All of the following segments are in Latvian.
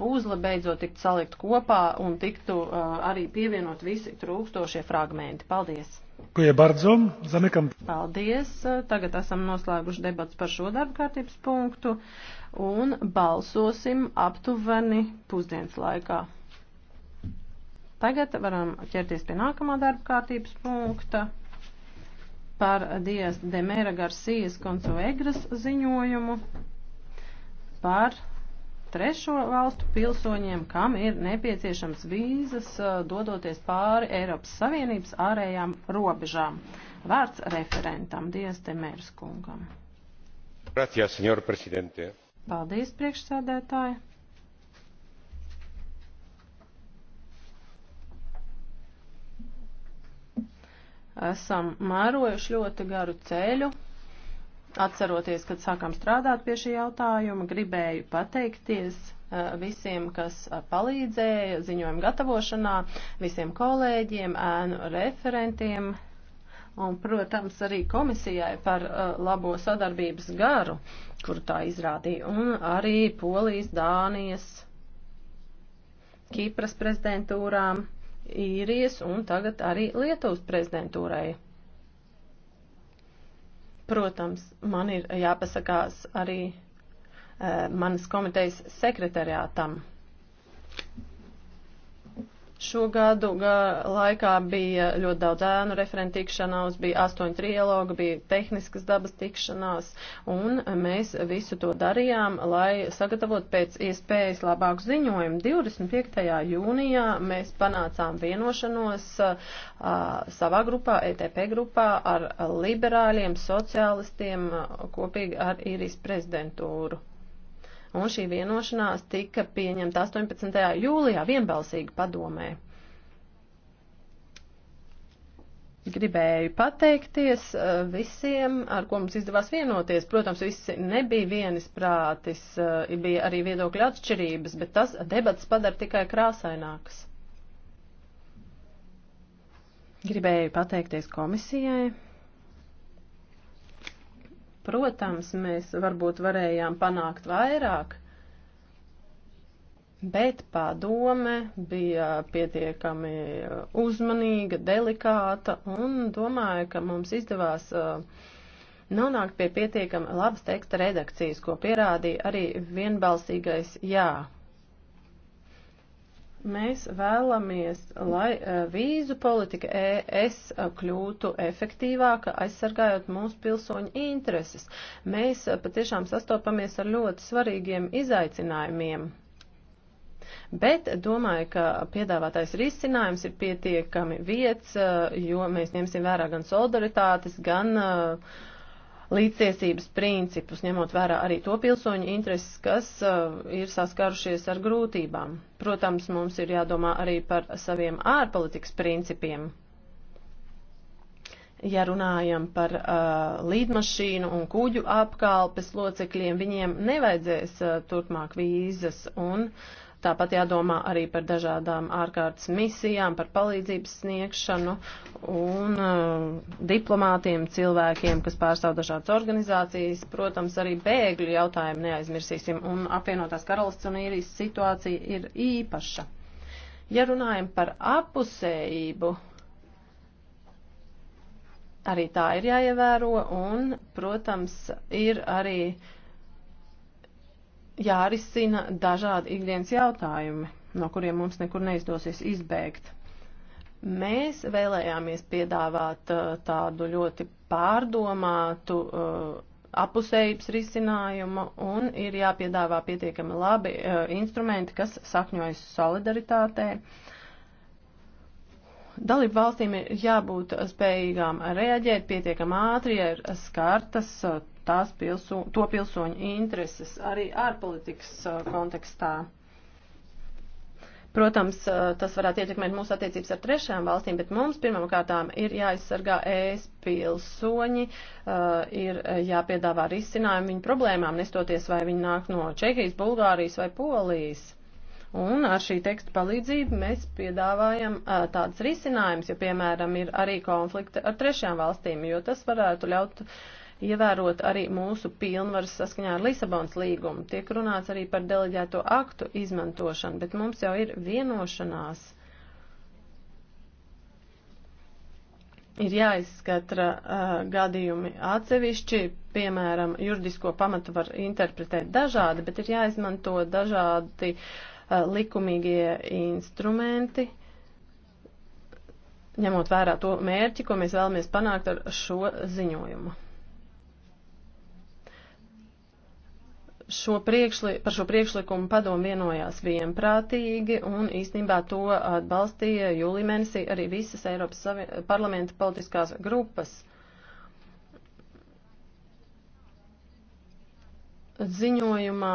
puzle beidzot tiktu salikt kopā un tiktu uh, arī pievienot visi trūkstošie fragmenti. Paldies! Paldies! Uh, tagad esam noslēguši debats par šo darba kārtības punktu un balsosim aptuveni pusdienas laikā. Tagad varam ķerties pie nākamā darba kārtības punkta par Dievs Demēra Garcijas konsuegras ziņojumu par trešo valstu pilsoņiem, kam ir nepieciešams vīzas, dodoties pāri Eiropas Savienības ārējām robežām. Vārds referentam Dievs Temērs kungam. Gracias, senor presidente. Paldies, priekšsēdētāji. Esam mērojuši ļoti garu ceļu Atceroties, kad sākām strādāt pie šī jautājuma, gribēju pateikties eh, visiem, kas eh, palīdzēja ziņojuma gatavošanā, visiem kolēģiem, ēnu referentiem un, protams, arī komisijai par eh, labo sadarbības garu, kuru tā izrādīja, un arī Polijas, Dānijas, Kipras prezidentūrām, Īrijas un tagad arī Lietuvas prezidentūrai. Protams, man ir jāpasakās arī eh, manas komitejas sekretariātam. Šo gadu laikā bija ļoti daudz ēnu referentu tikšanās, bija astoņi trialogi, bija tehniskas dabas tikšanās, un mēs visu to darījām, lai sagatavot pēc iespējas labāku ziņojumu. 25. jūnijā mēs panācām vienošanos a, savā grupā, ETP grupā, ar liberāļiem, sociālistiem, a, kopīgi ar īrijas prezidentūru un šī vienošanās tika pieņemta 18. jūlijā vienbalsīgi padomē. Gribēju pateikties uh, visiem, ar ko mums izdevās vienoties. Protams, visi nebija vienis prātis, uh, bija arī viedokļa atšķirības, bet tas debats padara tikai krāsaināks. Gribēju pateikties komisijai. Protams, mēs varbūt varējām panākt vairāk, bet padome bija pietiekami uh, uzmanīga, delikāta un domāju, ka mums izdevās uh, nonākt pie pietiekami labas teksta redakcijas, ko pierādīja arī vienbalsīgais jā. Mēs vēlamies, lai e, vīzu politika ES kļūtu efektīvāka, aizsargājot mūsu pilsoņu intereses. Mēs e, patiešām sastopamies ar ļoti svarīgiem izaicinājumiem. Bet domāju, ka piedāvātais risinājums ir pietiekami vietas, e, jo mēs ņemsim vērā gan solidaritātes, gan uh, līdztiesības principus, ņemot vērā arī to pilsoņu intereses, kas uh, ir saskārušies ar grūtībām. Protams, mums ir jādomā arī par saviem ārpolitikas principiem. Ja runājam par uh, līdmašīnu un kuģu apkalpes locekļiem, viņiem nevajadzēs uh, turpmāk vīzas un uh, Tāpat jādomā arī par dažādām ārkārtas misijām, par palīdzības sniegšanu un uh, diplomātiem, cilvēkiem, kas pārstāv dažādas organizācijas. Protams, arī bēgļu jautājumu neaizmirsīsim, un apvienotās karalists un īrijas situācija ir īpaša. Ja runājam par apusējību, arī tā ir jāievēro, un, protams, ir arī uh, jārisina dažādi ikdienas jautājumi, no kuriem mums nekur neizdosies izbēgt. Mēs vēlējāmies piedāvāt uh, tādu ļoti pārdomātu uh, apusējības risinājumu un ir jāpiedāvā pietiekami labi uh, instrumenti, kas sakņojas solidaritātē. Dalību valstīm ir jābūt spējīgām reaģēt pietiekam ātri, ja ir skartas tās pilso, to pilsoņu intereses arī ārpolitikas uh, kontekstā. Protams, uh, tas varētu ietekmēt mūsu attiecības ar trešām valstīm, bet mums pirmām kārtām ir jāizsargā ēs pilsoņi, uh, ir jāpiedāvā risinājumi viņu problēmām, nestoties vai viņi nāk no Čehijas, Bulgārijas vai Polijas. Un ar šī teksta palīdzību mēs piedāvājam uh, tādas risinājumas, ja, piemēram, ir arī konflikti ar trešajām valstīm, jo tas varētu ļaut uh, ievērot arī mūsu pilnvaras saskaņā ar Lisabonas līgumu. Tiek runāts arī par deleģēto aktu izmantošanu, bet mums jau ir vienošanās. Ir jāizskatra uh, gadījumi atsevišķi, piemēram, juridisko pamatu var interpretēt dažādi, bet ir jāizmanto dažādi uh, likumīgie instrumenti, ņemot vērā to mērķi, ko mēs vēlamies panākt ar šo ziņojumu. Šo priekšli, par šo priekšlikumu padomu vienojās vienprātīgi un īstenībā to atbalstīja jūlī mēnesī arī visas Eiropas parlamenta politiskās grupas. Ziņojumā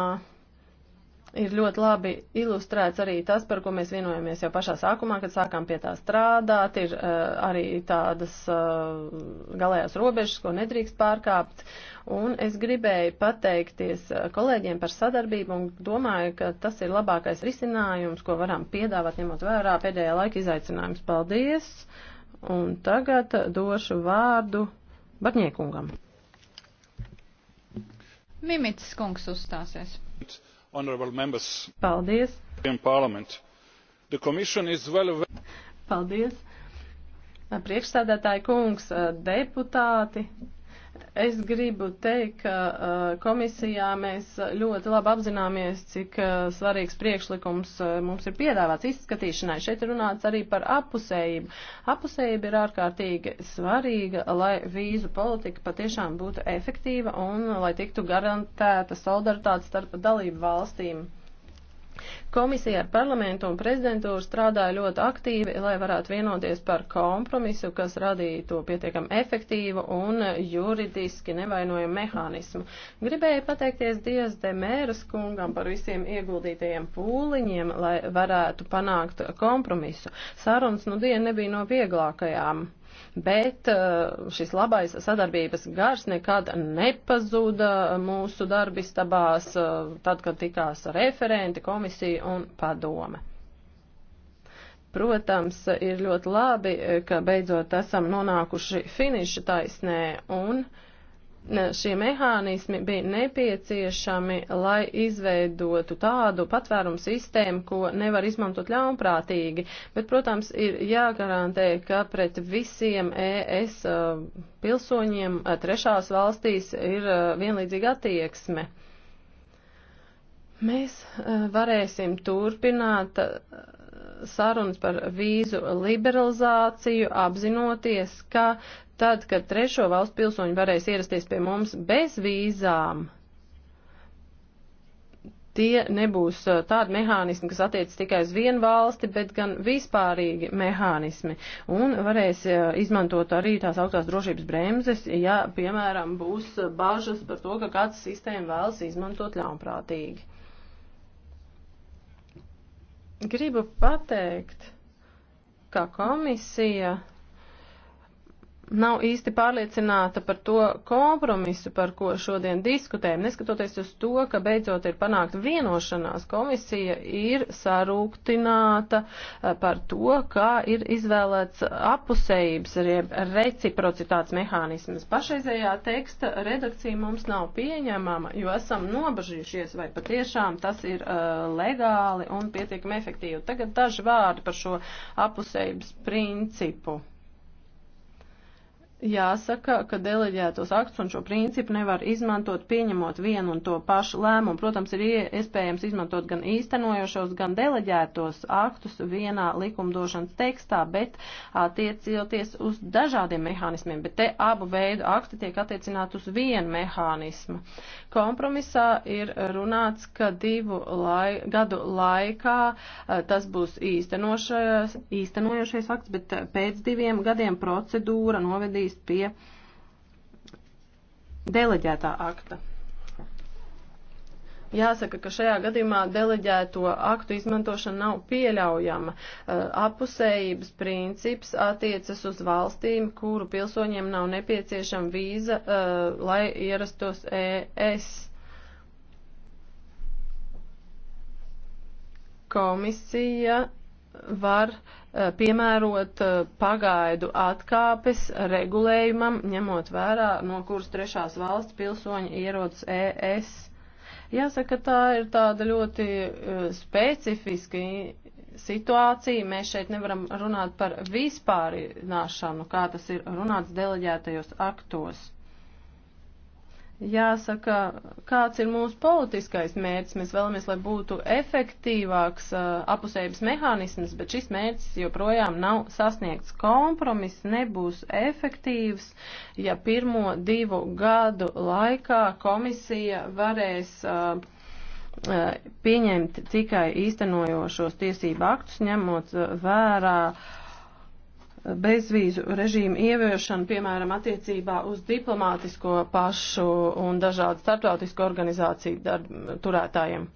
ir ļoti labi ilustrēts arī tas, par ko mēs vienojamies jau pašā sākumā, kad sākām pie tā strādāt, ir uh, arī tādas uh, galējās robežas, ko nedrīkst pārkāpt. Un es gribēju pateikties eh, kolēģiem par sadarbību un domāju, ka tas ir labākais risinājums, ko varam piedāvāt, ņemot vērā pēdējā laika izaicinājums. Paldies! Un tagad došu vārdu Barņiekungam. Mimits kungs uzstāsies honourable members. Paldies. Parliament. The Commission is well aware. Paldies. Priekšsēdētāji kungs, deputāti. Es gribu teikt, ka komisijā mēs ļoti labi apzināmies, cik svarīgs priekšlikums mums ir piedāvāts izskatīšanai. Šeit runāts arī par apusējību. Apusējība ir ārkārtīgi svarīga, lai vīzu politika patiešām būtu efektīva un lai tiktu garantēta solidaritāte starp dalību valstīm. Komisija ar parlamentu un prezidentūru strādāja ļoti aktīvi, lai varētu vienoties par kompromisu, kas radītu pietiekam efektīvu un juridiski nevainojumu mehānismu. Gribēju pateikties Dievs Demēras kungam par visiem ieguldītajiem pūliņiem, lai varētu panākt kompromisu. Sarunas nu dien nebija no vieglākajām bet uh, šis labais sadarbības gars nekad nepazuda mūsu darbistabās, uh, tad, kad tikās referenti, komisija un padome. Protams, ir ļoti labi, ka beidzot esam nonākuši finiša taisnē un uh, šie mehānismi bija nepieciešami, lai izveidotu tādu patvērumu sistēmu, ko nevar izmantot ļaunprātīgi, bet, protams, ir jāgarantē, ka pret visiem ES uh, pilsoņiem uh, trešās valstīs ir uh, vienlīdzīga attieksme. Mēs varēsim turpināt sarunas par vīzu liberalizāciju, apzinoties, ka tad, kad trešo valstu pilsoņi varēs ierasties pie mums bez vīzām, tie nebūs uh, tādi mehānismi, kas attiecas tikai uz vienu valsti, bet gan vispārīgi mehānismi. Un varēs uh, izmantot arī tās augstās drošības bremzes, ja, piemēram, būs uh, bažas par to, ka kāds sistēma vēlas izmantot ļaunprātīgi. Gribu pateikt, ka komisija nav īsti pārliecināta par to kompromisu, par ko šodien diskutējam. Neskatoties uz to, ka beidzot ir panākta vienošanās, komisija ir sarūktināta eh, par to, kā ir izvēlēts apusējības, reciprocitātes mehānismas. Pašreizējā teksta redakcija mums nav pieņemama, jo esam nobažījušies, vai patiešām tas ir uh, legāli un pietiekami efektīvi. Tagad daži vārdi par šo apusējības principu. Jāsaka, ka deleģētos aktus un šo principu nevar izmantot pieņemot vienu un to pašu lēmumu. Protams, ir iespējams izmantot gan īstenojošos, gan deleģētos aktus vienā likumdošanas tekstā, bet attiecioties uz dažādiem mehānismiem, bet te abu veidu akti tiek attiecināti uz vienu mehānismu. Kompromisā ir runāts, ka divu lai, gadu laikā tas būs īstenojošais akts, bet pēc diviem gadiem procedūra novedīs atgriezt pie deleģētā akta. Jāsaka, ka šajā gadījumā deleģēto aktu izmantošana nav pieļaujama. Apusējības princips attiecas uz valstīm, kuru pilsoņiem nav nepieciešama vīza, lai ierastos ES. Komisija var uh, Eh, piemērot eh, pagaidu atkāpes regulējumam, ņemot vērā, no kuras trešās valsts pilsoņi ierodas ES. Jāsaka, tā ir tāda ļoti eh, specifiska situācija. Mēs šeit nevaram runāt par vispārināšanu, kā tas ir runāts deleģētajos aktos jāsaka, kāds ir mūsu politiskais mērķis. Mēs vēlamies, lai būtu efektīvāks uh, apusējības mehānisms, bet šis mērķis joprojām nav sasniegts. Kompromiss nebūs efektīvs, ja pirmo divu gadu laikā komisija varēs. Uh, uh pieņemt tikai īstenojošos tiesību aktus, ņemot uh, vērā uh, bezvīzu režīmu ieviešanu, piemēram, attiecībā uz diplomātisko pašu un dažādu starptautisku organizāciju darb, turētājiem.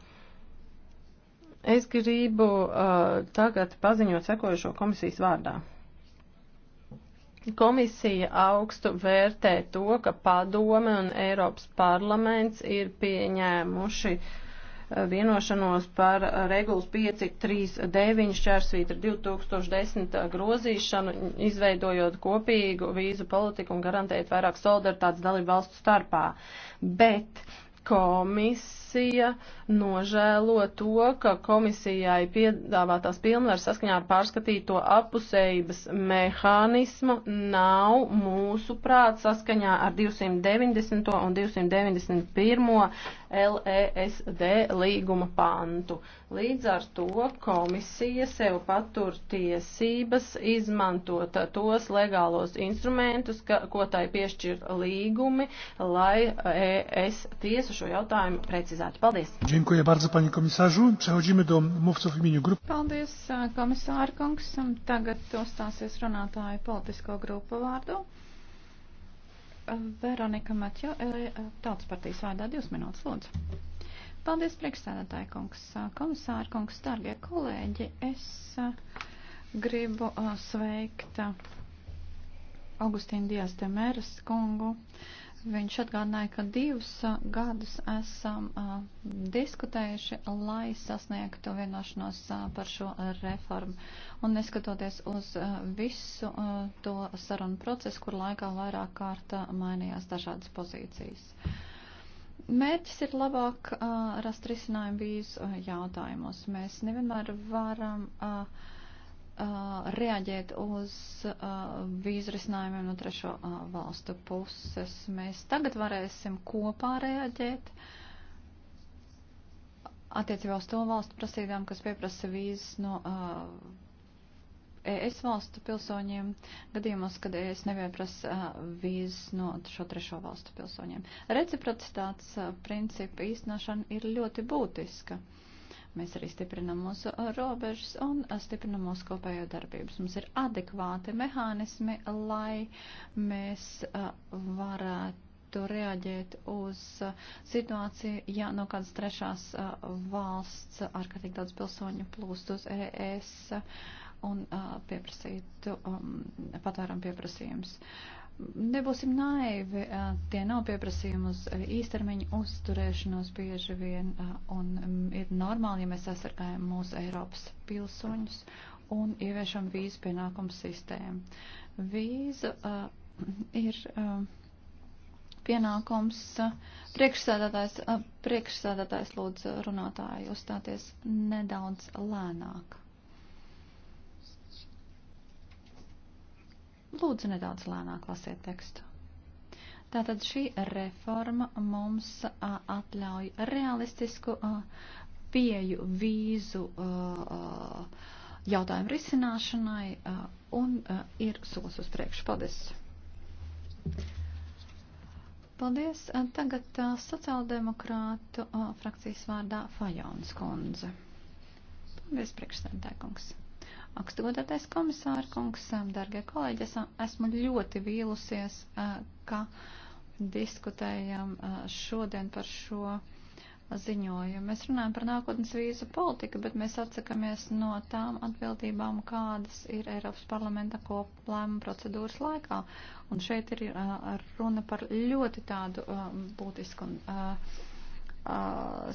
Es gribu uh, tagad paziņot sekojušo komisijas vārdā. Komisija augstu vērtē to, ka padome un Eiropas parlaments ir pieņēmuši uh, vienošanos par regulas 539 šķērsvītra 2010 grozīšanu, izveidojot kopīgu vīzu politiku un garantējot vairāk solidaritātes dalību valstu starpā. Bet komis Komisija nožēlo to, ka komisijai piedāvātās pilnvaras saskaņā ar pārskatīto apusējības mehānismu nav mūsu prāt saskaņā ar 290. un 291. LESD līguma pantu. Līdz ar to komisija sev patur tiesības izmantot tos legālos instrumentus, ka, ko tai piešķir līgumi, lai ES tiesa šo jautājumu precizētu realizētu. Paldies! Dziękuję bardzo, pani komisāžu. Prehodzime do mufcov imiņu grupu. Paldies, komisāra kungs. Tagad uzstāsies runātāju politisko grupu vārdu. Veronika Matjo, Tautas partijas vārdā, divas minūtes, lūdzu. Paldies, priekšsēdētāji kungs, komisāra kungs, dargie kolēģi. Es gribu sveikt Augustīnu Dias de Meras kungu. Uh, Viņš atgādināja, ka divus gadus esam a, diskutējuši, lai sasniegtu vienošanos a, par šo reformu. Un neskatoties uz a, visu a, to sarunu procesu, kur laikā vairāk kārta mainījās dažādas pozīcijas. Mērķis ir labāk a, rast risinājumu vīzu jautājumos. Mēs nevienmēr varam. A, Uh, reaģēt uz uh, vīzu risinājumiem no trešo uh, valstu puses. Mēs tagad varēsim kopā reaģēt attiecībā uz to valstu prasībām, kas pieprasa vīzas no ES valstu pilsoņiem, gadījumos, kad ES nepieprasa vīzas no šo trešo valstu pilsoņiem. Reciprocitātes principa īstenošana ir ļoti būtiska. Mēs arī stiprinam mūsu robežas un stiprinam mūsu kopējo darbības. Mums ir adekvāti mehānismi, lai mēs varētu reaģēt uz situāciju, ja no kādas trešās valsts ārkārtīgi daudz pilsoņu plūst uz ES un pieprasītu um, patvērumu pieprasījumus. Nebūsim naivi, tie nav pieprasījumi uz īstermiņu uzturēšanos bieži vien, un ir normāli, ja mēs sasargājam mūsu Eiropas pilsoņus un ieviešam vīzu pienākumu sistēmu. Vīza uh, ir uh, pienākums uh, priekšsēdētājs, uh, priekšsēdētājs lūdzu runātāju uzstāties nedaudz lēnāk. Lūdzu, nedaudz lēnāk lasiet tekstu. Tātad šī reforma mums a, atļauj realistisku a, pieju vīzu a, jautājumu risināšanai un ir solis uz priekšu. Paldies! Paldies! Tagad sociāldemokrātu frakcijas vārdā Fajons kundze. Paldies, priekšstādātājkungs! Augstgadātais komisāra kungs, dargie kolēģi, es, esmu ļoti vīlusies, ka diskutējam šodien par šo ziņojumu. Mēs runājam par nākotnes vīzu politiku, bet mēs atsakamies no tām atbildībām, kādas ir Eiropas parlamenta koplēma procedūras laikā. Un šeit ir runa par ļoti tādu būtisku un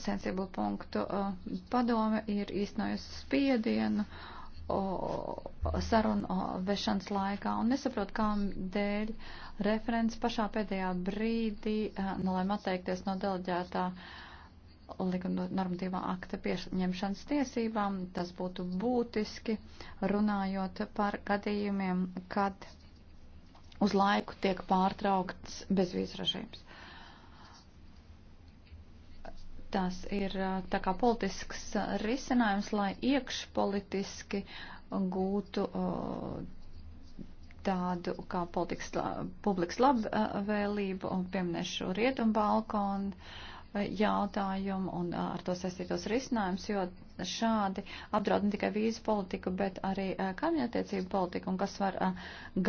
sensiblu punktu. Padome ir īstenojusi spiedienu. Uh, sarunu vešanas laikā un nesaprotu, kā dēļ referents pašā pēdējā brīdī eh, nolēma nu, atteikties no deleģētā likuma normatīvā akta pieņemšanas tiesībām. Tas būtu būtiski runājot par gadījumiem, kad uz laiku tiek pārtraukts bezvīzu režīms. Tas ir tā kā politisks risinājums, lai iekšpolitiski gūtu tādu kā politikas, publikas labvēlību un pieminēšu rietumu balkonu jautājumu un ar to saistītos risinājumus, jo šādi apdraud ne tikai vīzu politiku, bet arī kaimiņattiecību politiku, un kas var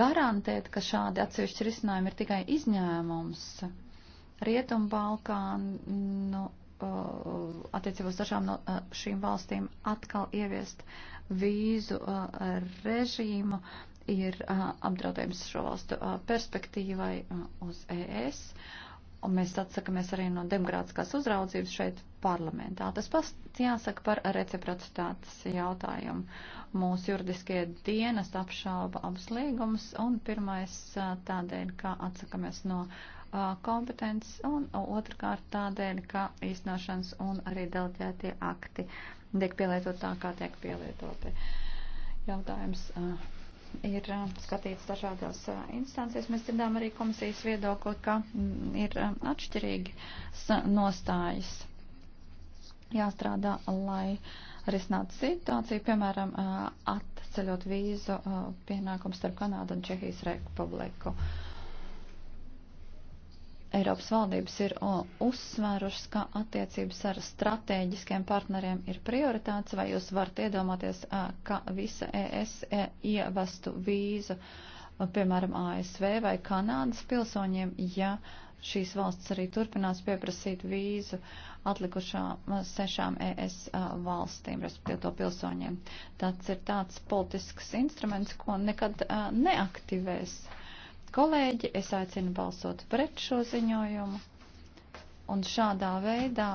garantēt, ka šādi atsevišķi risinājumi ir tikai izņēmums. Rietumbalkānu Uh, attiecībos dažām no uh, šīm valstīm atkal ieviest vīzu uh, režīmu, ir apdraudējums šo valstu perspektīvai uz ES. Un mēs atsakamies arī no demokrātiskās uzraudzības šeit parlamentā. Tas pats jāsaka par reciprocitātes jautājumu. Mūsu juridiskie dienas apšauba abus līgumus un pirmais tādēļ, ka atsakamies no uh, kompetences un otrkārt tādēļ, ka īstenošanas un arī deleģētie akti tiek pielietot tā, kā tiek pielietoti. Jautājums ir skatīts dažādās instancēs. Mēs dzirdām arī komisijas viedokli, ka ir atšķirīgas nostājas jāstrādā, lai risinātu situāciju, piemēram, atceļot vīzu pienākumu starp Kanādu un Čehijas republiku. Uh, Eiropas valdības ir uzsvērušas, ka attiecības ar strateģiskiem partneriem ir prioritāts, vai jūs varat iedomāties, ka visa ES e, ievestu vīzu, piemēram, ASV vai Kanādas pilsoņiem, ja šīs valsts arī turpinās pieprasīt vīzu atlikušām sešām ES valstīm, respektīvi to pilsoņiem. Tāds ir tāds politisks instruments, ko nekad neaktivēs. Uh, kolēģi, es aicinu balsot pret šo ziņojumu un šādā veidā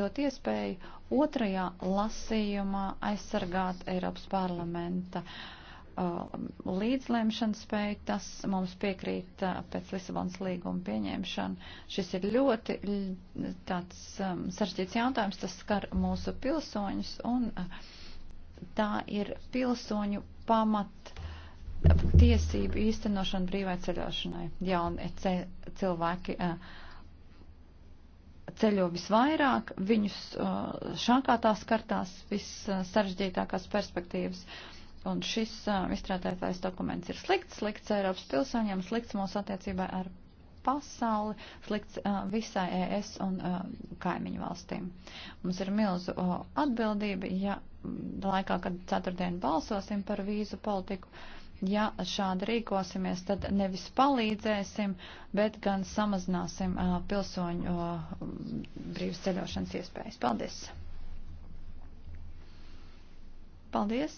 dot iespēju otrajā lasījumā aizsargāt Eiropas parlamenta uh, līdzlēmšanas spēju. Tas mums piekrīt uh, pēc Lisabonas līguma pieņemšana. Šis ir ļoti tāds um, sarežģīts jautājums, tas skar mūsu pilsoņus un uh, tā ir pilsoņu pamat tiesību īstenošanu brīvai ceļošanai. Jauni cilvēki eh, ceļo visvairāk, viņus eh, šākātās kartās vissaržģītākās perspektīvas. Un šis eh, izstrādētājs dokuments ir slikts, slikts Eiropas pilsoņiem, slikts mūsu attiecībā ar pasauli, slikts visai ES un kaimiņu valstīm. Mums ir milzu atbildība, ja laikā, kad ceturtdien balsosim par vīzu politiku, uh, Ja šādi rīkosimies, tad nevis palīdzēsim, bet gan samazināsim uh, pilsoņu uh, brīvas ceļošanas iespējas. Paldies! Paldies!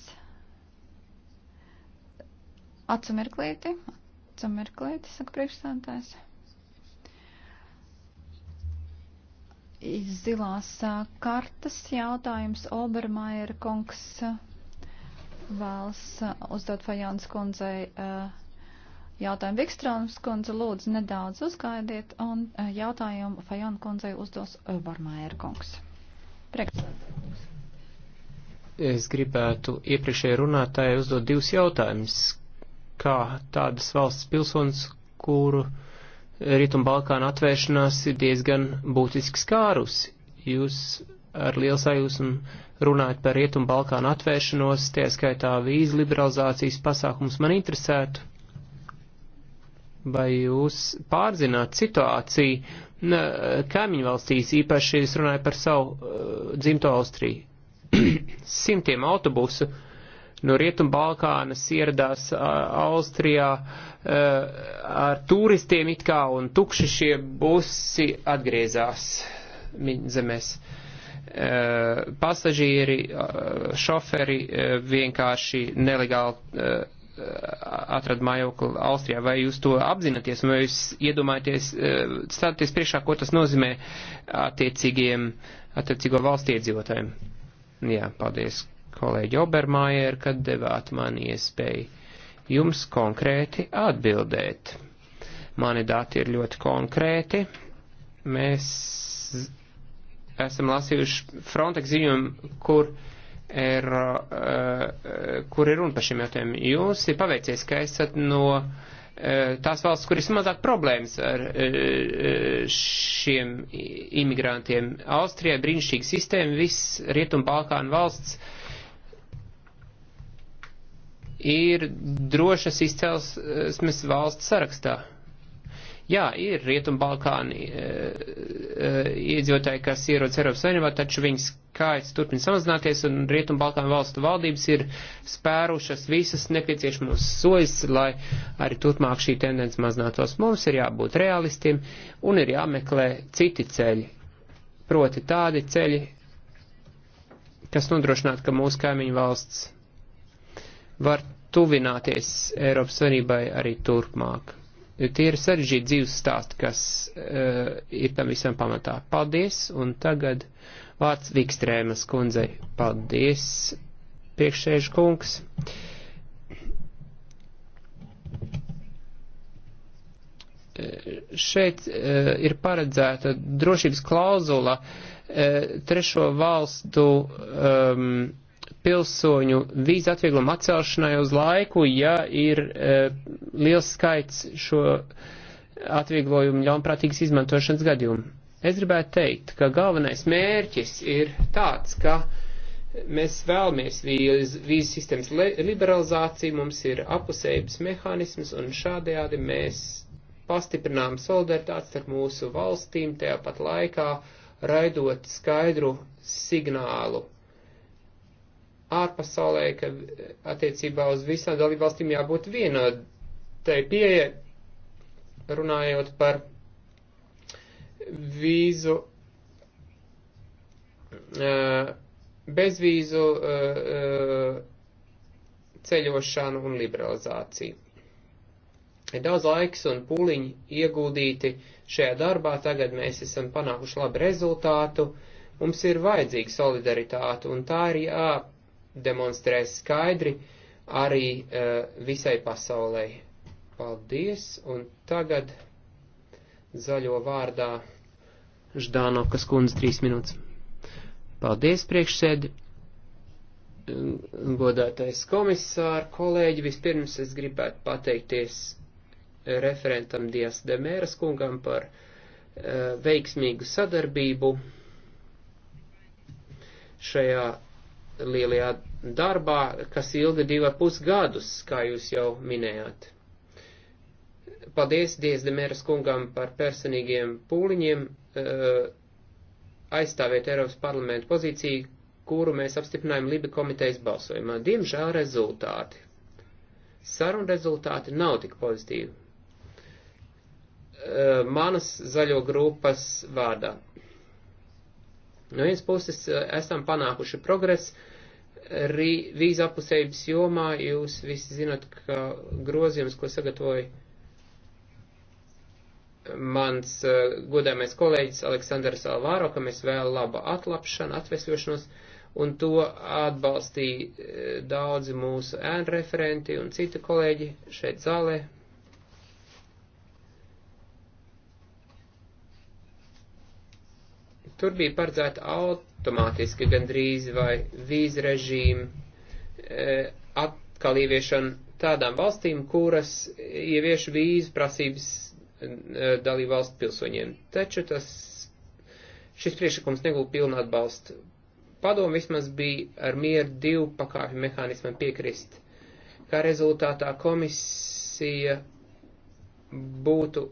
Atsumirklīti, atsumirklīti, saka priekšstādājs. Zilās kartas jautājums Obermaier kungs vēlas uh, uzdot Fajons kundzei uh, jautājumu. Vikstrāns kundze lūdzu nedaudz uzgaidiet un uh, jautājumu Fajona kundzei uzdos Varmaier kungs. Priekšsēdētājs. Es gribētu iepriekšēji runātāji uzdot divus jautājumus, kā tādas valsts pilsonis, kuru Rietumbalkāna atvēršanās ir diezgan būtiski skārusi. Jūs ar lielu sajūsmu runājat par Rietumu Balkānu atvēršanos, tie skaitā vīzu liberalizācijas pasākums man interesētu. Vai jūs pārzināt situāciju kaimiņu valstīs, īpaši es runāju par savu uh, dzimto Austriju? Simtiem autobusu no Rietumu Balkānas ieradās uh, Austrijā uh, ar turistiem it kā un tukši šie busi atgriezās viņa zemēs. Uh, Eh, pasažieri, eh, šoferi eh, vienkārši nelegāli atrada mājokli Austrijā. Vai jūs to apzināties, vai jūs iedomājaties, stāties priekšā, ko tas nozīmē attiecīgiem, attiecīgo valsts iedzīvotājiem? Jā, paldies, kolēģi Obermājer, kad devāt man iespēju jums konkrēti atbildēt. Mani dati ir ļoti konkrēti. Mēs esam lasījuši Frontex ziņojumu, kur ir, eh, kur ir runa par šiem jautājumiem. Jūs ir paveicies, ka esat no eh, tās valsts, kur ir mazāk problēmas ar eh, šiem imigrantiem. Austrijai brīnišķīga sistēma, viss Rietumbalkānu valsts ir drošas izcelsmes valsts sarakstā. Jā, ir Rietumbalkāni e, e, iedzīvotāji, kas ierodas Eiropas Savienībā, taču viņas skaits turpina samazināties, un Rietumbalkānu valstu valdības ir spērušas visas nepieciešamos sojas, lai arī turpmāk šī tendence mazinātos. Mums ir jābūt realistiem un ir jāmeklē citi ceļi, proti tādi ceļi, kas nodrošinātu, ka mūsu kaimiņu valsts var tuvināties Eiropas Savienībai arī turpmāk. Jo tie ir sarežģīti dzīves stāsti, kas uh, ir tam visam pamatā. Paldies, un tagad vārds Vikstrēmas kundzei. Paldies, priekšsēžu kungs. Eh, šeit uh, ir paredzēta drošības klauzula uh, trešo valstu um, pilsoņu vīzu atvieglumu atcelšanai uz laiku, ja ir e, liels skaits šo atvieglojumu ļaunprātīgas izmantošanas gadījumu. Es gribētu teikt, ka galvenais mērķis ir tāds, ka mēs vēlamies vīzu sistēmas liberalizāciju, mums ir apusējības mehānisms un šādējādi mēs pastiprinām solidaritāti starp mūsu valstīm, tajā pat laikā raidot skaidru signālu ārpasaulē, ka eh, attiecībā uz visām dalībvalstīm jābūt vienādai pieeja, runājot par vīzu, eh, bezvīzu eh, ceļošanu un liberalizāciju. Ir daudz laiks un pūliņi ieguldīti šajā darbā, tagad mēs esam panākuši labu rezultātu, mums ir vajadzīga solidaritāte, un tā ir jā, demonstrēs skaidri arī uh, visai pasaulē. Paldies, un tagad zaļo vārdā Ždānokas kundze trīs minūtes. Paldies, priekšsēdi, godātais komisāri, kolēģi, vispirms es gribētu pateikties referentam Dijas Demēras kungam par uh, veiksmīgu sadarbību šajā lielajā darbā, kas ilga divi pus gadus, kā jūs jau minējāt. Paldies Diezdemēras kungam par personīgiem pūliņiem eh, aizstāvēt Eiropas parlamentu pozīciju, kuru mēs apstiprinājām Libi komitejas balsojumā. Diemžēl rezultāti. Saruna rezultāti nav tik pozitīvi. Eh, manas zaļo grupas vārdā. No vienas puses eh, esam panākuši progresu vīzu apusējības jomā. Jūs visi zinat, ka grozījums, ko sagatavoja mans eh, godāmais kolēģis Aleksandrs Alvāro, ka mēs vēl laba atlapšana, atvesļošanos, un to atbalstīja eh, daudzi mūsu ēnreferenti un citi kolēģi šeit zālē, Tur bija paredzēta automātiski gandrīz vai vīz režīmu e, atkal ieviešana tādām valstīm, kuras ievieš vīzu prasības e, dalību valstu pilsoņiem. Taču tas, šis priekšlikums negūl pilnu atbalstu. Padomu vismaz bija ar mieru divu pakāpju mehānismam piekrist. Kā rezultātā komisija būtu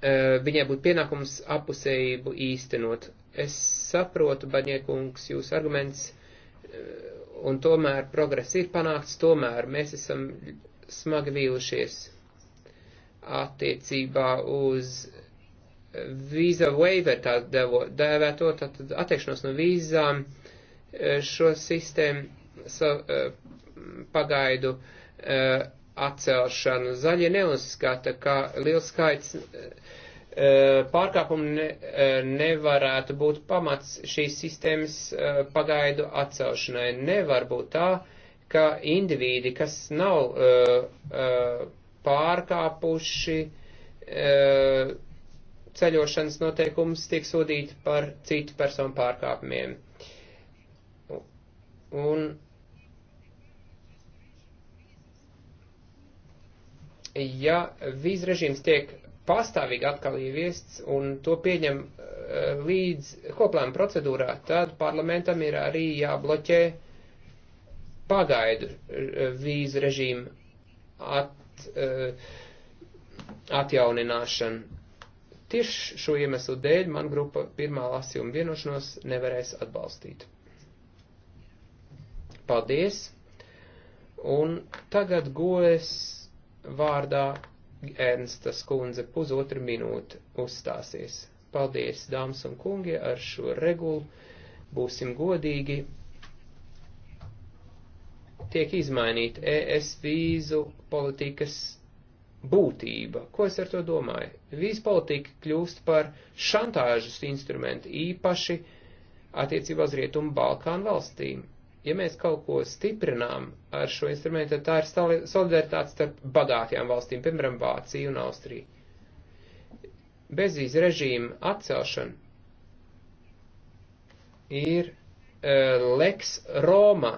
Eh, viņai būtu pienākums apusējību īstenot. Es saprotu, Baņiekungs, jūs arguments, eh, un tomēr progress ir panākts, tomēr mēs esam smagi vīlušies attiecībā uz vīza waiver, tā dēvēto, tātad attiekšanos no vīzām, eh, šo sistēmu sa, pagaidu atcelšanu. Zaļie neuzskata, ka liels skaits eh, eh, pārkāpumu ne, eh, nevarētu būt pamats šīs sistēmas pagaidu atcelšanai. Nevar būt tā, ka indivīdi, kas nav pārkāpuši ceļošanas noteikumus, tiek sodīti par citu personu pārkāpumiem. Un ja vīz režīms tiek pastāvīgi atkal ieviests un to pieņem eh, līdz koplēm procedūrā, tad parlamentam ir arī jābloķē pagaidu eh, vīzu režīmu at, eh, atjaunināšanu. Tieši šo iemeslu dēļ man grupa pirmā lasījuma vienošanos nevarēs atbalstīt. Paldies! Un tagad goes vārdā Ernsta skundze pusotru minūti uzstāsies. Paldies, dāmas un kungi, ar šo regulu būsim godīgi. Tiek izmainīta ES vīzu politikas būtība. Ko es ar to domāju? Vīzu politika kļūst par šantāžas instrumentu īpaši attiecībā uz Rietumu Balkānu valstīm ja mēs kaut ko stiprinām ar šo instrumentu, tad tā ir solidaritāte starp bagātajām valstīm, piemēram, Vāciju un Austriju. Bezvīz režīma atcelšana ir uh, e, leks Roma.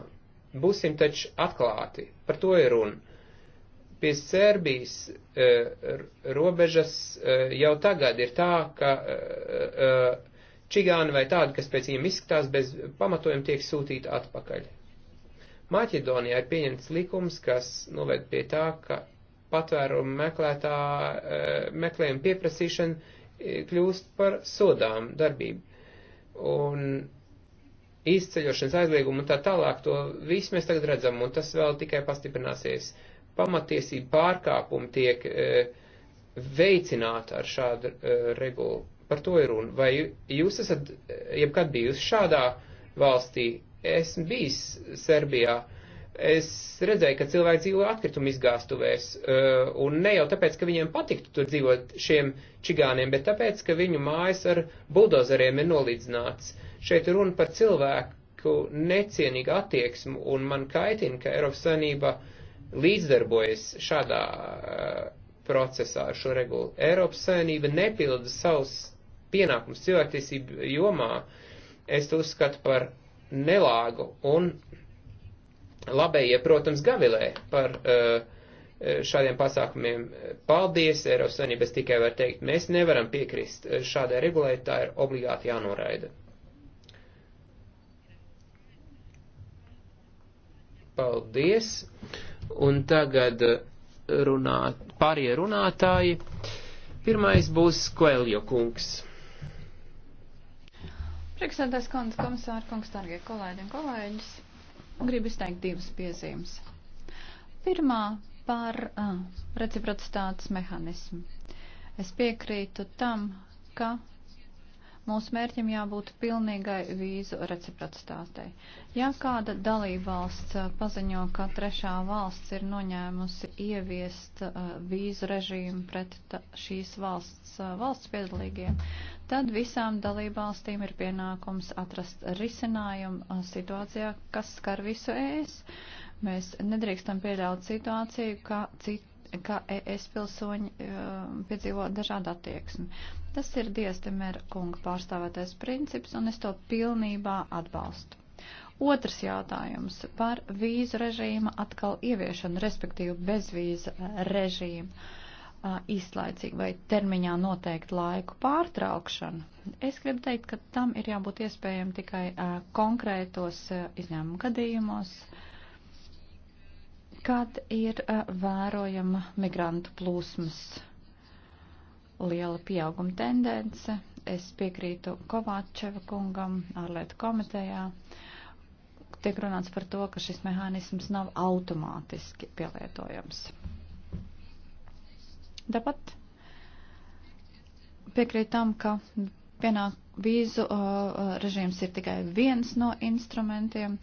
Būsim taču atklāti, par to ir runa. Pie Serbijas uh, robežas uh, jau tagad ir tā, ka uh, uh, čigāni vai tādi, kas pēc viņiem izskatās bez pamatojuma tiek sūtīti atpakaļ. Maķedonijā ir pieņemts likums, kas noved pie tā, ka patvērumu meklētā, e, meklējuma pieprasīšana e, kļūst par sodām darbību. Un izceļošanas aizliegumu un tā tālāk to visu mēs tagad redzam, un tas vēl tikai pastiprināsies. Pamatiesība pārkāpumi tiek e, veicināta ar šādu regulu Par to ir runa. Vai jūs esat eh, jebkad bijusi šādā valstī? Esmu bijis Serbijā. Es redzēju, ka cilvēki dzīvo atkritumu izgāstuvēs, eh, un ne jau tāpēc, ka viņiem patiktu tur dzīvot šiem čigāniem, bet tāpēc, ka viņu mājas ar buldozeriem ir nolīdzināts. Šeit runa par cilvēku necienīgu attieksmu, un man kaitina, ka Eiropas Savienība līdzdarbojas šādā eh, procesā ar šo regulu. Eiropas Savienība nepilda savus pienākums cilvēktiesību jomā, es to uzskatu par nelāgu un labējie, protams, gavilē par eh, eh, šādiem pasākumiem. Paldies, Eiropas Savienības tikai var teikt, mēs nevaram piekrist eh, šādai regulai, tā ir obligāti jānoraida. Paldies. Un tagad runā, pārie runātāji. Pirmais būs Koeljo kungs. Priekšsēdētājs kundze, komisāra kungs, dargie kolēģi un kolēģis, gribu izteikt divas piezīmes. Pirmā par uh, reciprocitātes mehānismu. Es piekrītu tam, ka Mūsu mērķim jābūt pilnīgai vīzu reciprocitātei. Ja kāda dalībvalsts uh, paziņo, ka trešā valsts ir noņēmusi ieviest uh, vīzu režīmu pret šīs valsts uh, valsts piedalīgiem, tad visām dalībvalstīm ir pienākums atrast risinājumu situācijā, kas skar visu ēs. E Mēs nedrīkstam pieļaut situāciju, ka cit, ka ES pilsoņi uh, piedzīvo dažādu attieksmi. Tas ir Diestemēra kunga pārstāvētais princips, un es to pilnībā atbalstu. Otrs jautājums par vīzu režīma atkal ieviešanu, respektīvi bezvīza eh, režīmu eh, īslaicīgi vai termiņā noteikti laiku pārtraukšanu. Es gribu teikt, ka tam ir jābūt iespējami tikai eh, konkrētos izņēmumu gadījumos, kad ir vērojama migrantu plūsmas liela pieauguma tendence. Es piekrītu Kovāčeva kungam ārlietu komitejā. Tiek runāts par to, ka šis mehānisms nav automātiski pielietojams. Tāpat piekrīt tam, ka pienāk vīzu uh, režīms ir tikai viens no instrumentiem.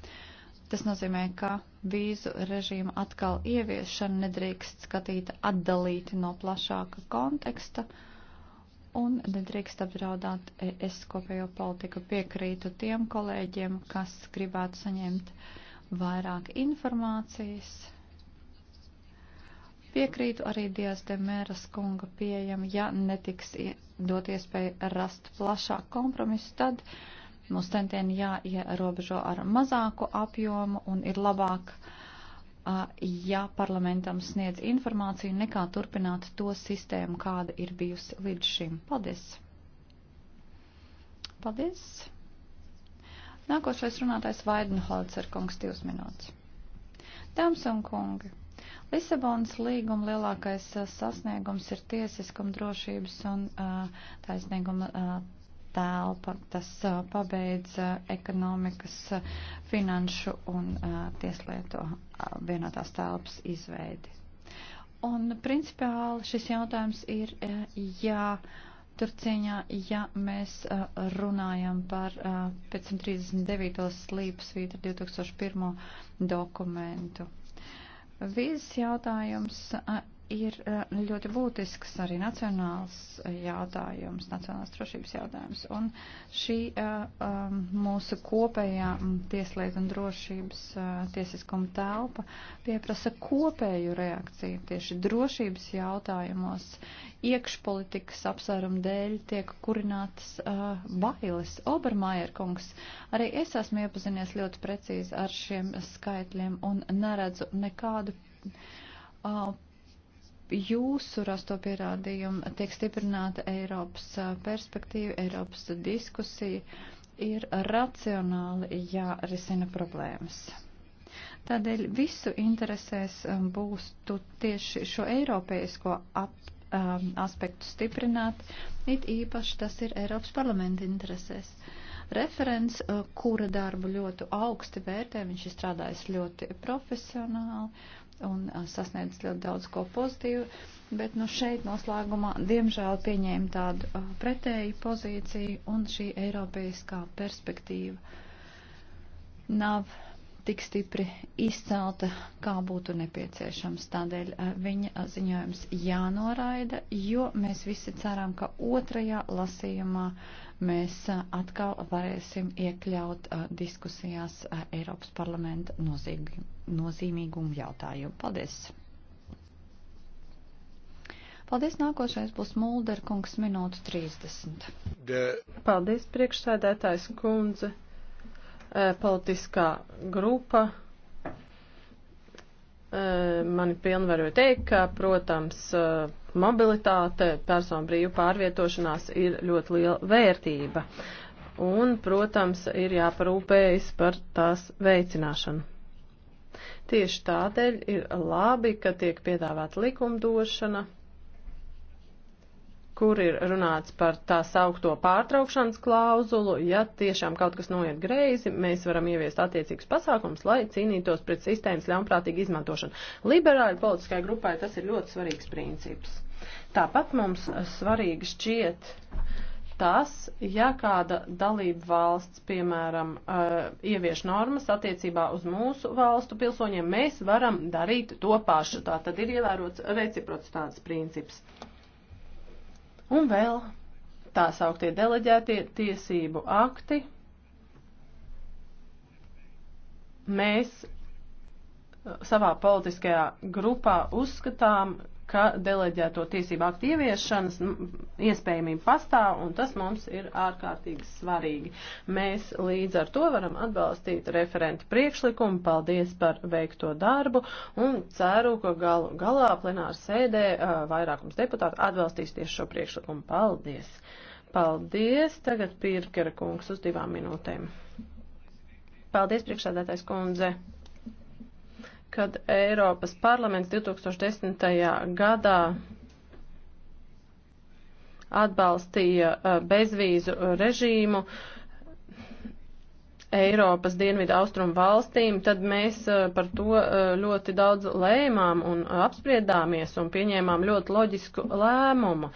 Tas nozīmē, ka vīzu režīma atkal ieviešana nedrīkst skatīt atdalīti no plašāka konteksta un nedrīkst apdraudāt es kopējo politiku piekrītu tiem kolēģiem, kas gribētu saņemt vairāk informācijas. Piekrītu arī Dievs Demēras kunga pieejam, ja netiks dot iespēju rast plašāku kompromisu, tad uh, Mums centieni jāierobežo ar mazāku apjomu un ir labāk, ja parlamentam sniedz informāciju, nekā turpināt to sistēmu, kāda ir bijusi līdz šim. Paldies! Paldies! Nākošais runātais Vaidenholzer kungs divas minūtes. Dāmas un kungi! Lisabonas līguma lielākais sasniegums ir tiesiskuma drošības un uh, taisnīguma uh, telpa, tas uh, pabeidz uh, ekonomikas, uh, finanšu un tieslietu vienotās telpas izveidi. Un principiāli šis jautājums ir jātur cieņā, ja mēs runājam par 539. slīpsvītra 2001. dokumentu. Vīzes jautājums ir eh, ļoti būtisks arī nacionāls eh, jautājums, nacionāls drošības jautājums. Un šī eh, um, mūsu kopējā mm, tieslietu un drošības tiesiskuma telpa pieprasa kopēju reakciju tieši drošības jautājumos. Iekšpolitikas apsvērumu dēļ tiek kurinātas bailes. Obermajer kungs, arī es esmu iepazinies ļoti precīzi ar šiem skaitļiem un neredzu nekādu jūsu rasto pierādījumu tiek stiprināta Eiropas perspektīva, Eiropas diskusija, ir racionāli jārisina problēmas. Tādēļ visu interesēs būs tu tieši šo eiropeisko ap, um, aspektu stiprināt, it īpaši tas ir Eiropas parlamenta interesēs. Referents, kura darbu ļoti augsti vērtē, viņš ir strādājis ļoti profesionāli, un sasniedz ļoti daudz ko pozitīvu, bet nu šeit noslēgumā diemžēl pieņēma tādu pretēju pozīciju un šī eiropeiskā perspektīva nav tik stipri izcelta, kā būtu nepieciešams. Tādēļ eh, viņa eh, ziņojums jānoraida, jo mēs visi ceram, ka otrajā lasījumā mēs eh, atkal varēsim iekļaut diskusijās Eiropas parlamenta nozīmīgumu jautājumu. Paldies! Paldies, nākošais būs Mulder kungs minūtu 30. De... Paldies, priekšsēdētājs kundze. Eh, politiskā grupa eh, mani pilnvaroja teikt, ka, protams, eh, mobilitāte, personu brīvu pārvietošanās ir ļoti liela vērtība. Un, protams, ir jāparūpējas par tās veicināšanu. Tieši tādēļ ir labi, ka tiek piedāvāta likumdošana kur ir runāts par tā saukto pārtraukšanas klauzulu. Ja tiešām kaut kas noiet greizi, mēs varam ieviest attiecīgus pasākums, lai cīnītos pret sistēmas ļaunprātīgu izmantošanu. Liberāļu politiskai grupai tas ir ļoti svarīgs princips. Tāpat mums svarīgi šķiet tas, ja kāda dalība valsts, piemēram, eh, ievieš normas attiecībā uz mūsu valstu pilsoņiem, mēs varam darīt to pašu. Tā tad ir ievērots reciprocitātes princips. Un vēl tā sauktie deleģētie tiesību akti. Mēs uh, savā politiskajā grupā uzskatām, ka deleģēto tiesību aktu ieviešanas iespējamība pastāv, un tas mums ir ārkārtīgi svarīgi. Mēs līdz ar to varam atbalstīt referentu priekšlikumu, paldies par veikto darbu, un ceru, ka gal, galā plenāra sēdē vairākums deputātu atbalstīs tieši šo priekšlikumu. Paldies! Paldies! Tagad Pirkera kungs uz divām minūtēm. Paldies, priekšsēdētājs kundze! kad Eiropas parlaments 2010. gadā atbalstīja eh, bezvīzu režīmu, Eiropas dienvidu austrumu valstīm, tad mēs eh, par to eh, ļoti daudz lēmām un apspriedāmies un pieņēmām ļoti loģisku lēmumu,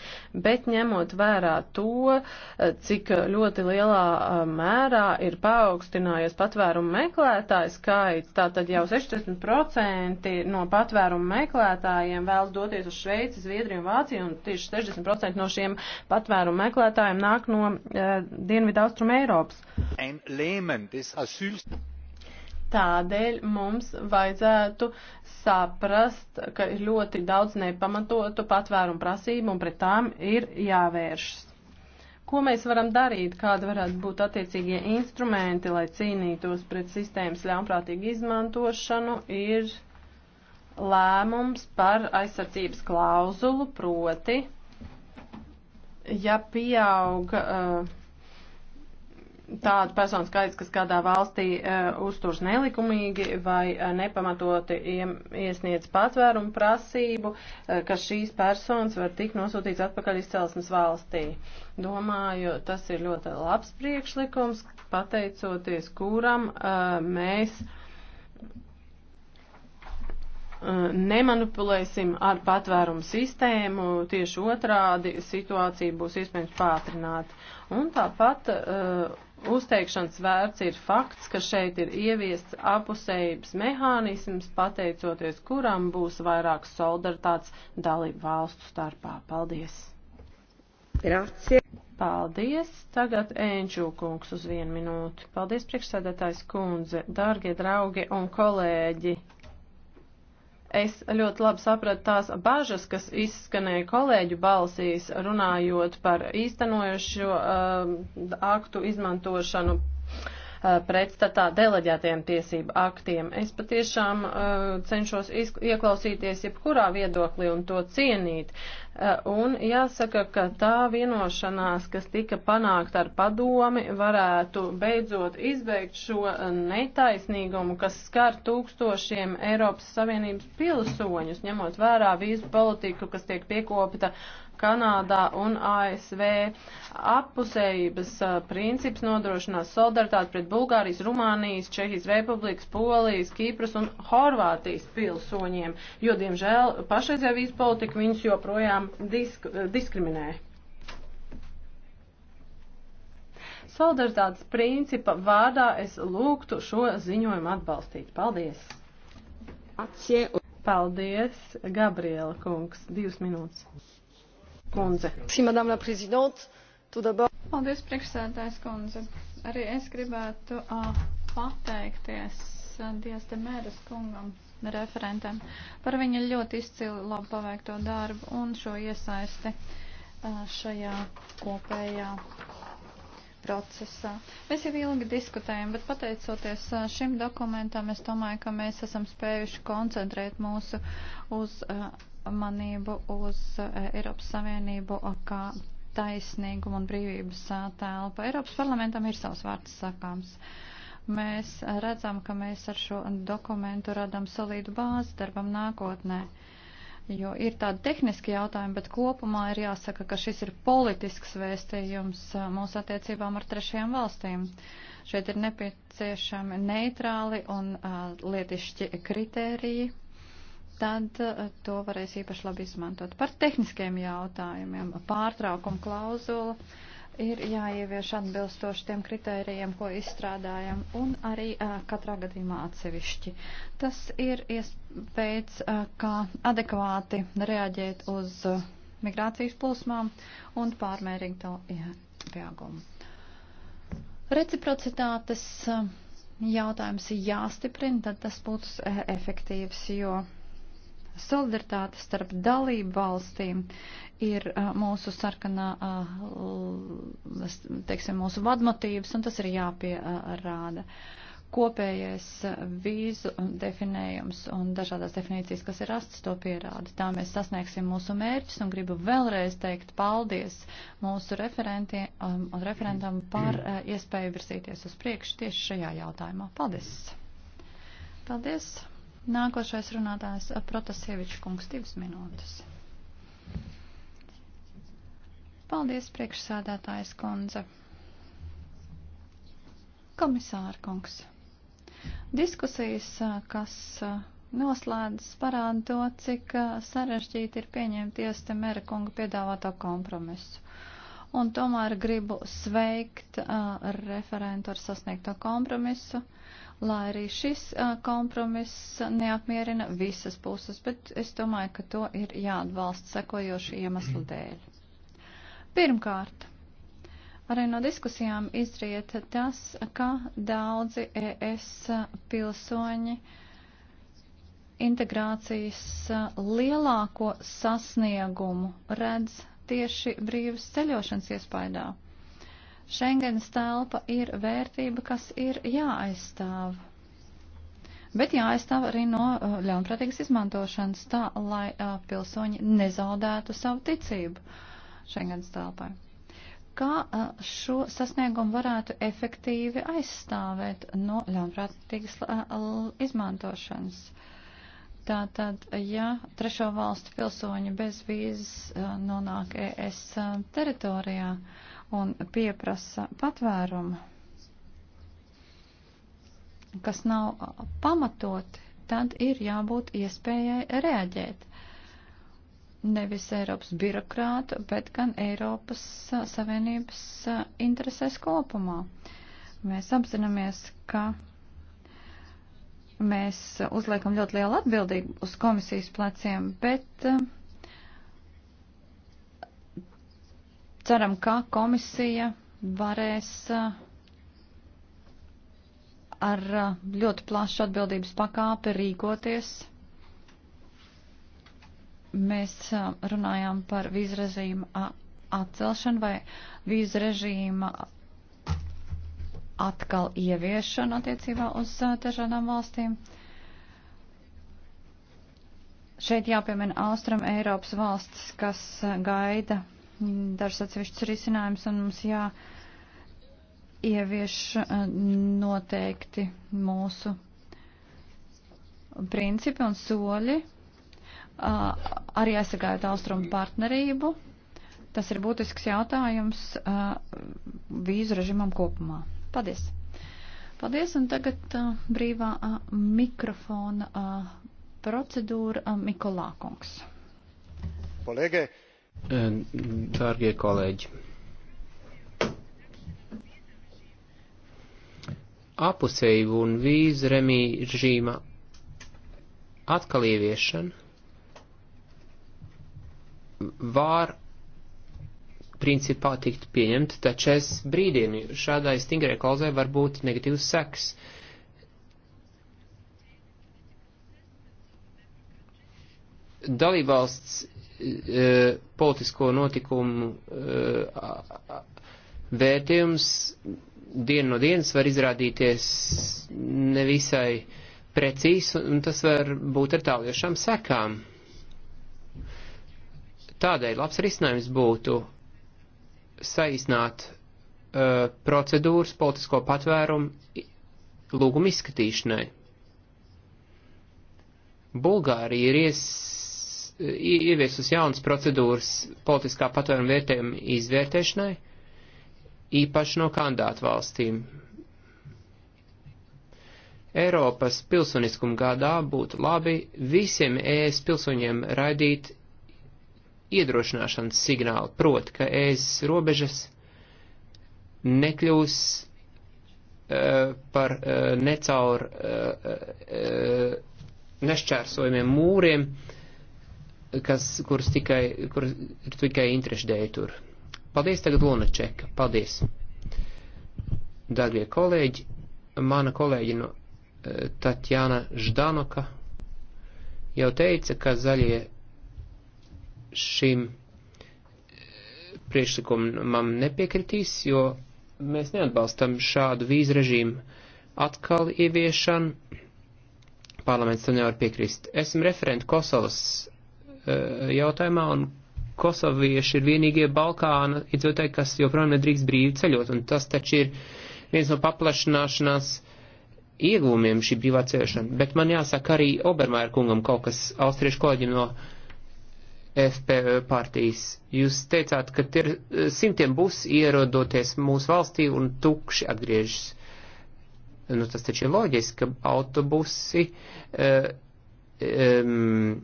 bet ņemot vērā to, eh, cik ļoti lielā mērā ir paaugstinājies patvērumu meklētāju skaits, tātad jau 60% no patvērumu meklētājiem vēlas doties uz Šveici, Zviedriju un Vāciju, un tieši 60% no šiem patvērumu meklētājiem nāk no uh, dienvidu austrumu Eiropas. Ein Lehman des Asyls. Tādēļ mums vajadzētu saprast, ka ir ļoti daudz nepamatotu patvērumu prasību un pret tām ir jāvēršas. Ko mēs varam darīt, kāda varētu būt attiecīgie instrumenti, lai cīnītos pret sistēmas ļaunprātīgu izmantošanu, ir lēmums par aizsardzības klauzulu, proti, ja pieauga. Uh, tādu personu skaits, kas kādā valstī uh, uzturs nelikumīgi vai uh, nepamatoti iesniedz patvērumu prasību, uh, ka šīs personas var tikt nosūtīts atpakaļ izcelsmes valstī. Domāju, tas ir ļoti labs priekšlikums, pateicoties kuram uh, mēs nemanipulēsim ar patvērumu sistēmu, tieši otrādi situācija būs iespējams pātrināt. Un tāpat uh, uzteikšanas vērts ir fakts, ka šeit ir ieviests apusējības mehānisms, pateicoties kuram būs vairāk solidaritātes dalību valstu starpā. Paldies! Grazie! Paldies! Tagad Ēņčū kungs uz vienu minūti. Paldies, priekšsēdētājs kundze, dārgie draugi un kolēģi! Es ļoti labi sapratu tās bažas, kas izskanēja kolēģu balsīs, runājot par īstenojušo uh, um, aktu izmantošanu uh, pretstatā deleģētiem tiesību aktiem. Es patiešām uh, cenšos ieklausīties jebkurā viedoklī un to cienīt. Eh, un jāsaka, ka tā vienošanās, kas tika panākta ar padomi, varētu beidzot izbeigt šo eh, netaisnīgumu, kas skar tūkstošiem Eiropas Savienības pilsoņus, ņemot vērā vīzu politiku, kas tiek piekopta Kanādā un ASV. Appusējības princips nodrošinās solidaritāti pret Bulgārijas, Rumānijas, Čehijas Republikas, Polijas, Kīpras un Horvātijas pilsoņiem, jo, diemžēl, pašreizējā vīzu politika viņus joprojām disk diskriminē. solidaritātes principa vārdā es lūgtu šo ziņojumu atbalstīt. Paldies! Paldies, Gabriela kungs, divas minūtes kundze. Paldies, priekšsēdājs kundze. Arī es gribētu uh, pateikties uh, Dievs Demēras kungam, referentam, par viņa ļoti izcilu labu paveikto darbu un šo iesaisti uh, šajā kopējā procesā. Mēs jau ilgi diskutējam, bet pateicoties šim dokumentam, es domāju, ka mēs esam spējuši koncentrēt mūsu uz. Uh, uzmanību uz eh, Eiropas Savienību kā taisnīgumu un brīvības eh, telpu. Eiropas parlamentam ir savs vārds sakāms. Mēs eh, redzam, ka mēs ar šo dokumentu radam solīdu bāzi darbam nākotnē. Jo ir tādi tehniski jautājumi, bet kopumā ir jāsaka, ka šis ir politisks vēstījums mūsu attiecībām ar trešajām valstīm. Šeit ir nepieciešami neitrāli un uh, lietišķi kritēriji, tad eh, to varēs īpaši labi izmantot. Par tehniskiem jautājumiem pārtraukuma klauzula ir jāievieš atbilstoši tiem kritērijiem, ko izstrādājam, un arī uh, katrā gadījumā atsevišķi. Tas ir iespējas, uh, kā adekvāti reaģēt uz uh, migrācijas plūsmām un pārmērīgu to jā, pieaugumu. Reciprocitātes uh, jautājums jāstiprina, tad tas būtu uh, efektīvs, jo Solidaritāte starp dalību valstīm ir uh, mūsu sarkanā, uh, teiksim, mūsu vadmotīvs, un tas ir jāpierāda. Kopējais uh, vīzu definējums un dažādās definīcijas, kas ir rasts, to pierāda. Tā mēs sasniegsim mūsu mērķus un gribu vēlreiz teikt paldies mūsu referentiem um, un referentam par iespēju virzīties uz priekšu tieši šajā jautājumā. Paldies! Paldies! Nākošais runātājs eh, Protasievičs kungs, divas minūtes. Paldies, priekšsādātājs kundze. Komisāra kungs. Diskusijas, eh, kas eh, noslēdzas, parāda to, cik sarežģīti ir pieņemt iesta mēra kunga piedāvāto kompromisu un tomēr gribu sveikt uh, referentu ar sasniegto kompromisu lai arī šis kompromiss neapmierina visas puses, bet es domāju, ka to ir jāatbalsta sekojošu iemeslu dēļ. Pirmkārt, arī no diskusijām izriet tas, ka daudzi ES pilsoņi integrācijas lielāko sasniegumu redz tieši brīvas ceļošanas iespaidā. Šengens telpa ir vērtība, kas ir jāaizstāv. Bet jāaizstāv arī no uh, ļaunprātīgas izmantošanas tā, lai uh, pilsoņi nezaudētu savu ticību Šengens telpai. Kā uh, šo sasniegumu varētu efektīvi aizstāvēt no ļaunprātīgas uh, izmantošanas? Tātad, ja trešo valstu pilsoņi bez vīzes uh, nonāk ES uh, teritorijā, uh, un pieprasa patvērumu, kas nav pamatoti, tad ir jābūt iespējai reaģēt. Nevis Eiropas birokrātu, bet gan Eiropas Savienības interesēs kopumā. Mēs apzināmies, ka mēs uzliekam ļoti lielu atbildību uz komisijas pleciem, bet uh, Ceram, ka komisija varēs eh, ar eh, ļoti plašu atbildības pakāpi rīkoties. Mēs eh, runājām par vīzu režīmu atcelšanu vai vīzu režīma atkal ieviešanu attiecībā uz dažādām valstīm. Šeit jāpiemina Austrum Eiropas valstis, kas gaida dažas atsevišķas risinājumus un mums jā ievieš eh, noteikti mūsu principi un soļi, eh, arī aizsargājot austrumu partnerību. Tas ir būtisks jautājums eh, vīzu režimam kopumā. Paldies! Paldies, un tagad brīvā mikrofona procedūra Mikolākungs. Kolēģi! Dārgie kolēģi, apusējību un vīzu remīžīma atkal ieviešana var principā tikt pieņemta, taču es brīdienu šādai stingrai klauzai var būt negatīvs seks. dalībvalsts E, politisko notikumu e, vērtējums dienu no dienas var izrādīties nevisai precīzi, un tas var būt ar tāliešām sekām. Tādēļ labs risinājums būtu saīsnāt uh, procedūras politisko patvērumu lūgumu izskatīšanai. Bulgārija ir ies ieviestas jaunas procedūras politiskā patvēruma vērtējuma izvērtēšanai, īpaši no kandidātu valstīm. Eiropas pilsoniskuma gadā būtu labi visiem ES pilsoņiem raidīt iedrošināšanas signālu, proti, ka ES robežas nekļūs uh, par uh, necaur uh, uh, nešķērsojumiem mūriem, uh, kas, kuras tikai, kur ir tikai interešu dēļ tur. Paldies tagad Luna Čeka. Paldies. Dārgie kolēģi, mana kolēģi no eh, Tatjana Ždanoka jau teica, ka zaļie šim eh, priekšlikumam nepiekritīs, jo mēs neatbalstam šādu vīzu režīmu atkal ieviešanu. Parlaments tam nevar piekrist. Esmu referenti Kosovas Eh, jautājumā, un kosovieši ir vienīgie Balkāna iedzīvotāji, kas joprojām nedrīkst brīvi ceļot, un tas taču ir viens no paplašināšanās iegūmiem šī brīvā ceļošana. Bet man jāsaka arī Obermaier kungam kaut kas austriešu kolēģim no FPÖ partijas. Jūs teicāt, ka ir eh, simtiem būs ierodoties mūsu valstī un tukši atgriežas. Nu, tas taču ir loģiski, ka autobusi. Uh, um,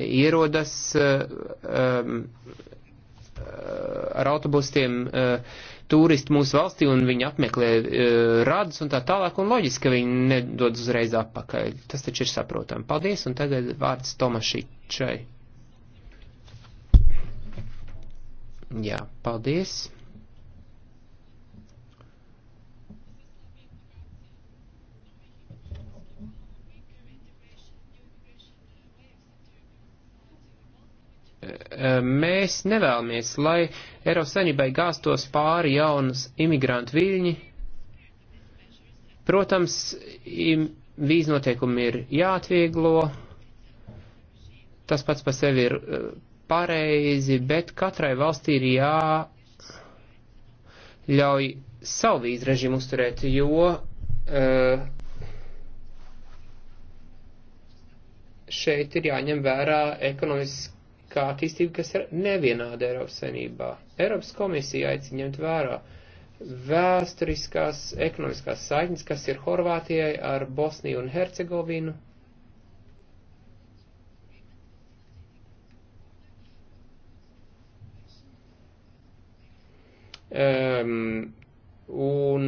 ierodas um, ar autobusiem uh, turisti mūsu valstī un viņi apmeklē uh, radus un tā tālāk, un loģiski, ka viņi nedod uzreiz atpakaļ. Tas taču ir saprotami. Paldies, un tagad vārds Tomašičai. Jā, paldies. Eh, mēs nevēlamies, lai Eiropas saimnībai gāstos pāri jaunas imigrantu viļņi. Protams, vīz noteikumi ir jāatvieglo, tas pats par sevi ir eh, pareizi, bet katrai valstī ir jāļauj savu vīzu režīmu uzturēt, jo uh, šeit ir jāņem vērā ekonomiski kā attīstība, kas ir nevienāda Eiropas Savienībā. Eiropas komisija aicina ņemt vērā vēsturiskās ekonomiskās saiknes, kas ir Horvātijai ar Bosniju un Hercegovinu. Um, un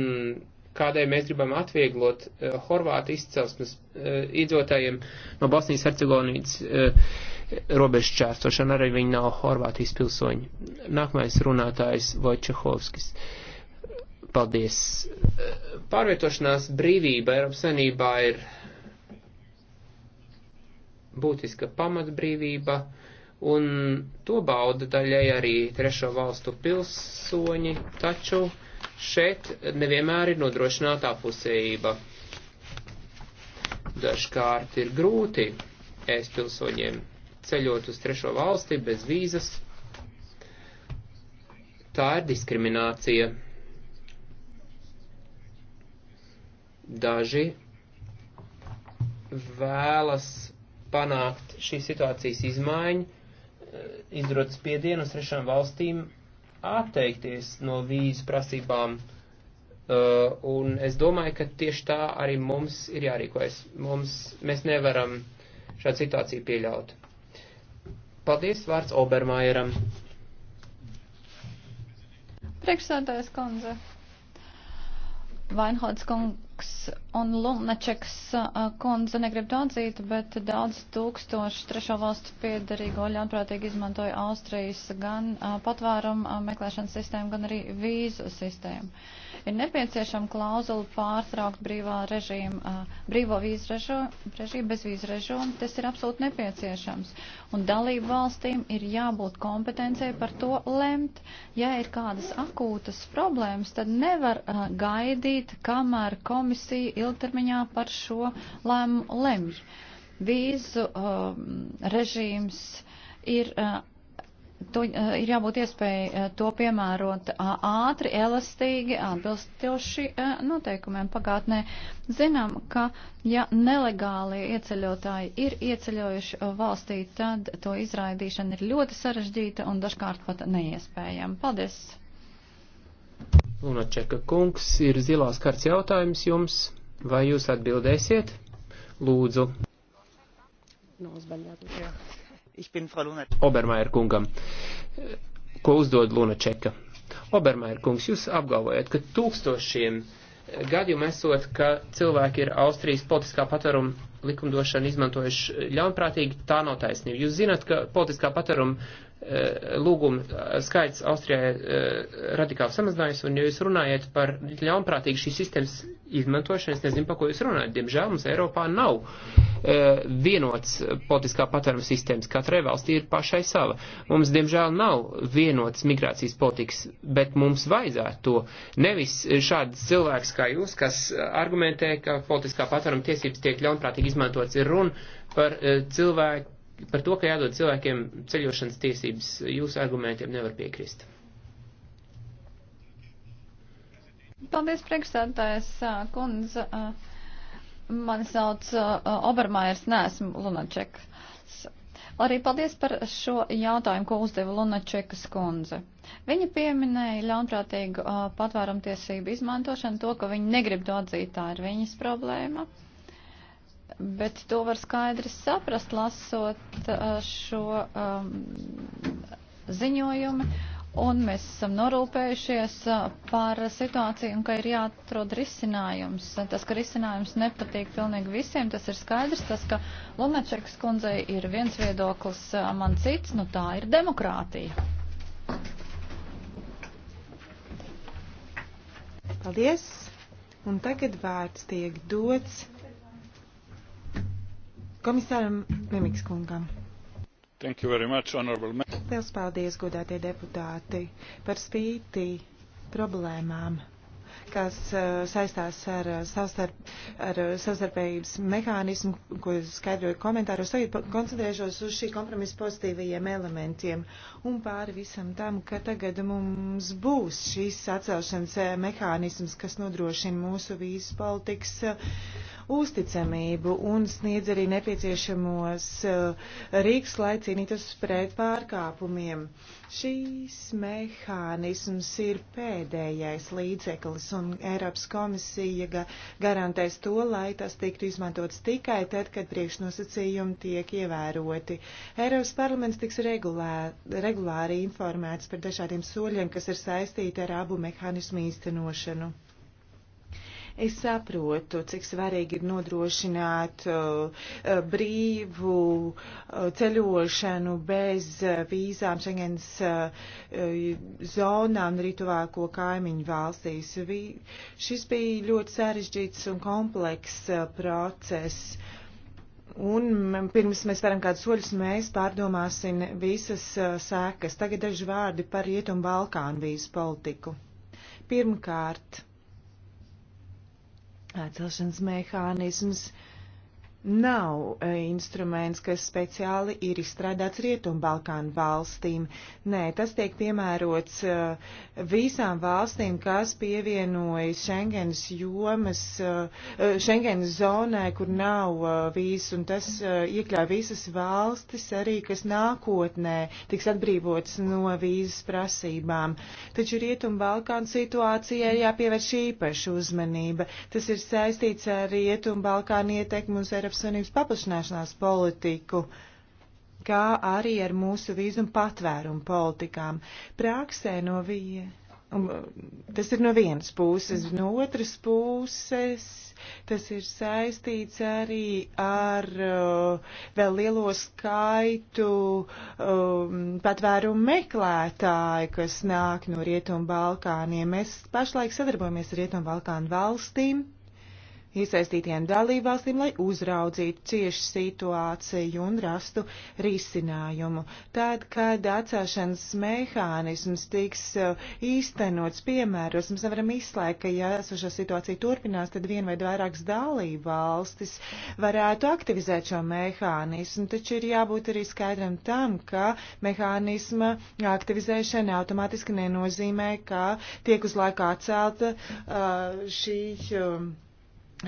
kādēļ mēs gribam atvieglot uh, Horvātu izcelsmes uh, eh, iedzotājiem no Bosnijas Hercegovinas uh, eh, robežu čērsošanu, arī viņi nav Horvātijas pilsoņi. Nākamais runātājs Vojčehovskis. Paldies. Pārvietošanās brīvība Eiropas Savienībā ir būtiska pamatbrīvība, un to bauda daļai arī trešo valstu pilsoņi, taču šeit nevienmēr ir nodrošinātā pusējība. Dažkārt ir grūti ēst pilsoņiem ceļot uz trešo valsti bez vīzas. Tā ir diskriminācija. Daži vēlas panākt šīs situācijas izmaiņu, eh, izdarot spiedienu uz trešām valstīm atteikties no vīzu prasībām. Uh, un es domāju, ka tieši tā arī mums ir jārīkojas. Mums, mēs nevaram šādu situāciju pieļaut. Paldies, vārds Obermaieram. Priekšsēdājas kundze. Vainhods kundze Buzeks un Lunačeks kundze negrib to atzīt, bet daudz tūkstoši trešo valstu piedarīgo ļaunprātīgi izmantoja Austrijas gan patvērumu meklēšanas sistēmu, gan arī vīzu sistēmu. Ir nepieciešama klauzula pārtraukt brīvā režīma, brīvo vīzu režīmu, bez vīzu režīmu. Tas ir absolūti nepieciešams. Un dalību valstīm ir jābūt kompetencijai par to lemt. Ja ir kādas akūtas problēmas, tad nevar gaidīt, kamēr komisija komisija ilgtermiņā par šo lēmumu lemj. Vīzu uh, režīms ir. Uh, To, uh, ir jābūt iespēja uh, to piemērot uh, ātri, elastīgi, atbilstoši uh, noteikumiem pagātnē. Zinām, ka ja nelegāli ieceļotāji ir ieceļojuši uh, valstī, tad to izraidīšana ir ļoti sarežģīta un dažkārt pat neiespējama. Paldies! Lunačeka kungs, ir zilās karts jautājums jums, vai jūs atbildēsiet? Lūdzu. Nu, Obermaier kungam, ko uzdod Lunačeka? Obermaier kungs, jūs apgalvojat, ka tūkstošiem gadījumu esot, ka cilvēki ir Austrijas politiskā patvēruma likumdošana izmantojuši ļaunprātīgi, tā nav taisnība. Jūs zināt, ka politiskā patvēruma Eh, lūgumu eh, skaits Austrijai eh, radikāli samazinājies, un ja jūs runājat par ļaunprātīgu šīs sistēmas izmantošanu, es nezinu, pa ko jūs runājat. Diemžēl mums Eiropā nav vienots politiskā patvēruma sistēmas. Katrai valstī ir pašai sava. Mums, diemžēl, nav vienots migrācijas politikas, bet mums vajadzētu to. Nevis šāds cilvēks kā jūs, kas argumentē, ka politiskā patvēruma tiesības tiek ļaunprātīgi izmantots, ir runa par cilvēku par to, ka jādod cilvēkiem ceļošanas tiesības, jūsu argumentiem nevar piekrist. Paldies, priekšstādātājs kundze. Mani sauc Obermairs, neesmu Lunačeks. Arī paldies par šo jautājumu, ko uzdeva Lunačekas kundze. Viņa pieminēja ļaunprātīgu patvērumtiesību izmantošanu, to, ka viņa negrib to atzīt, tā ir viņas problēma. Uh, Bet to var skaidri saprast, lasot uh, šo um, ziņojumu. Un mēs esam norūpējušies uh, par situāciju un ka ir jāatrod risinājums. Tas, ka risinājums nepatīk pilnīgi visiem, tas ir skaidrs. Tas, ka Lunačekas kundzei ir viens viedoklis, uh, man cits, nu tā ir demokrātija. Paldies! Un tagad vārds tiek dots komisāram Mimiks kungam. Much, Liels paldies, godātie deputāti, par spīti problēmām, kas uh, saistās ar, eh, savstarp, ar eh, savstarpējības mehānismu, ko skaidroju komentāros. Tagad koncentrēšos uz šī kompromisa pozitīvajiem elementiem un pāri visam tam, ka tagad mums būs šis atcelšanas mehānisms, kas nodrošina mūsu vīzu politikas uzticamību un sniedz arī nepieciešamos eh, rīks, lai cīnītos pret pārkāpumiem. Šīs mehānisms ir pēdējais līdzeklis, un Eiropas komisija garantēs to, lai tas tiktu izmantots tikai tad, kad priekšnosacījumi tiek ievēroti. Eiropas parlaments tiks regulē, regulāri informēts par dažādiem soļiem, kas ir saistīti ar abu mehānismu īstenošanu. Es saprotu, cik svarīgi ir nodrošināt uh, uh, brīvu uh, ceļošanu bez uh, vīzām Schengens uh, uh, zonā un arī tuvāko kaimiņu valstīs. Vi, šis bija ļoti sarežģīts un komplekss process. Un pirms mēs varam kādus soļus, mēs pārdomāsim visas sēkas. Tagad daži vārdi par Rietumu Balkānu vīzu politiku. Pirmkārt, atcelšanas mehānisms. Uh, nav e, instruments, kas speciāli ir izstrādāts Rietumbalkānu valstīm. Nē, tas tiek piemērots e, visām valstīm, kas pievienojas Schengenas jomas, e, Schengenas zonai, kur nav vīzes, un tas iekļauj visas valstis arī, kas nākotnē tiks atbrīvotas no vīzes prasībām. Taču Rietumbalkānu situācijai jāpievērš īpaša uzmanība. Tas ir saistīts ar Rietumbalkānu ietekmi uz Eiropas Eiropas Savienības paplašināšanās politiku kā arī ar mūsu vīzumu patvērumu politikām. Prāksē no vie... Um, tas ir no vienas puses, no otras puses tas ir saistīts arī ar uh, vēl lielo skaitu um, patvērumu meklētāju, kas nāk no Rietumu Balkāniem. Mēs pašlaik sadarbojamies ar Rietumu Balkānu valstīm iesaistītiem dalībvalstīm, lai uzraudzītu cieši situāciju un rastu risinājumu. Tad, kad atcelšanas mehānisms tiks uh, īstenots, piemēros, mēs varam izslēgt, ka, ja esošā situācija turpinās, tad vien vai vairākas dalībvalstis varētu aktivizēt šo mehānismu, taču ir jābūt arī skaidram tam, ka mehānisma aktivizēšana automātiski nenozīmē, ka tiek uz laiku atcelta uh, šī. Uh,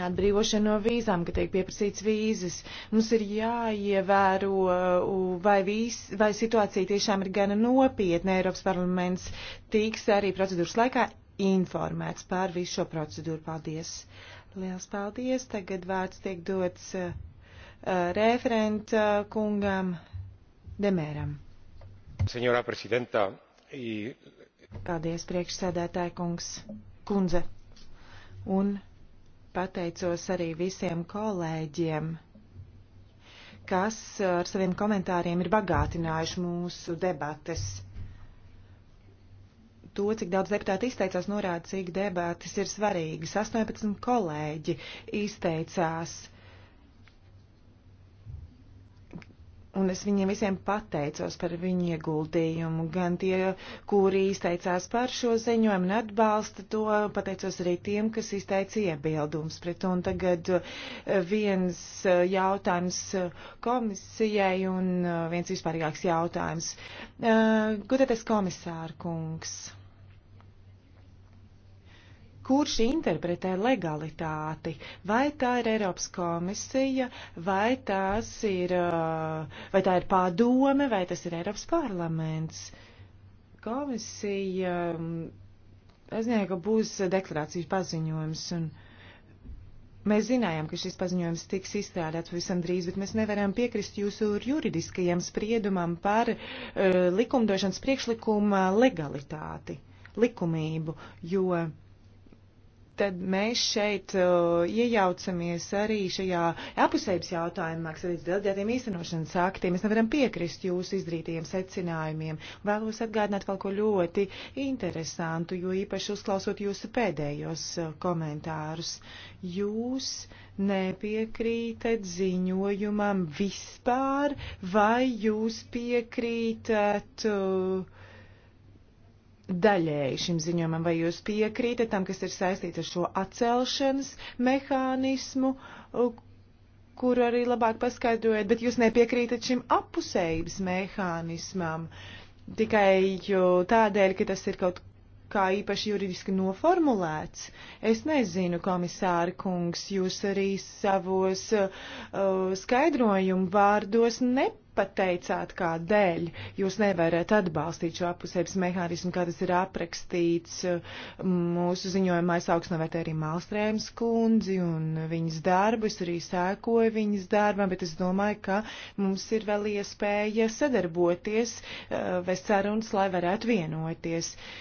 atbrīvošana no vīzām, ka tiek pieprasīts vīzes. Mums ir jāievēro, uh, vai, vīs, vai situācija tiešām ir gana nopietna. Eiropas parlaments tiks arī procedūras laikā informēts par visu šo procedūru. Paldies! Liels paldies! Tagad vārds tiek dots uh, uh referenta uh, kungam Demēram. Senjorā prezidentā. I... Paldies, priekšsēdētāja kungs, kundze. Un Pateicos arī visiem kolēģiem, kas ar saviem komentāriem ir bagātinājuši mūsu debates. To, cik daudz deputāti izteicās, norāda, cik debates ir svarīgas. 18 kolēģi izteicās Un es viņiem visiem pateicos par viņu ieguldījumu, gan tie, kuri izteicās par šo ziņojumu un atbalsta to, pateicos arī tiem, kas izteica iebildums pret to. Un tagad eh, viens eh, jautājums eh, komisijai un viens vispārīgāks jautājums. Gudētais komisārkungs. Kurš interpretē legalitāti? Vai tā ir Eiropas komisija, vai, ir, uh, vai tā ir padome, vai tas ir Eiropas parlaments? Komisija, es um, nezinu, ka būs deklarācijas paziņojums. Un, Mēs zinājām, ka šis paziņojums tiks izstrādāts pavisam drīz, bet mēs nevaram piekrist jūsu juridiskajam spriedumam par uh, likumdošanas priekšlikuma uh, legalitāti, likumību, jo uh, tad mēs šeit uh, iejaucamies arī šajā apusējības jautājumā, kas ir dzirdētiem īstenošanas aktiem. Mēs nevaram piekrist jūsu izdarītajiem secinājumiem. Vēlos atgādināt kaut ko ļoti interesantu, jo īpaši uzklausot jūsu pēdējos uh, komentārus. Jūs nepiekrītat ziņojumam vispār, vai jūs piekrītat. Uh, daļēji šim ziņojumam, vai jūs piekrītat tam, kas ir saistīts ar šo atcelšanas mehānismu, kuru arī labāk paskaidrojat, bet jūs nepiekrītat šim apusējības mehānismam tikai tādēļ, ka tas ir kaut kā īpaši juridiski noformulēts. Es nezinu, komisāri kungs, jūs arī savos uh, skaidrojumu vārdos nepateicāt, kādēļ jūs nevarat atbalstīt šo apusējas mehānismu, kā tas ir aprakstīts uh, mūsu ziņojumā. Es augstu novērtēju arī Malstrēmas kundzi un viņas darbu, es arī sēkoju viņas darbam, bet es domāju, ka mums ir vēl iespēja sadarboties, uh, vest sarunas, lai varētu vienoties. Uh,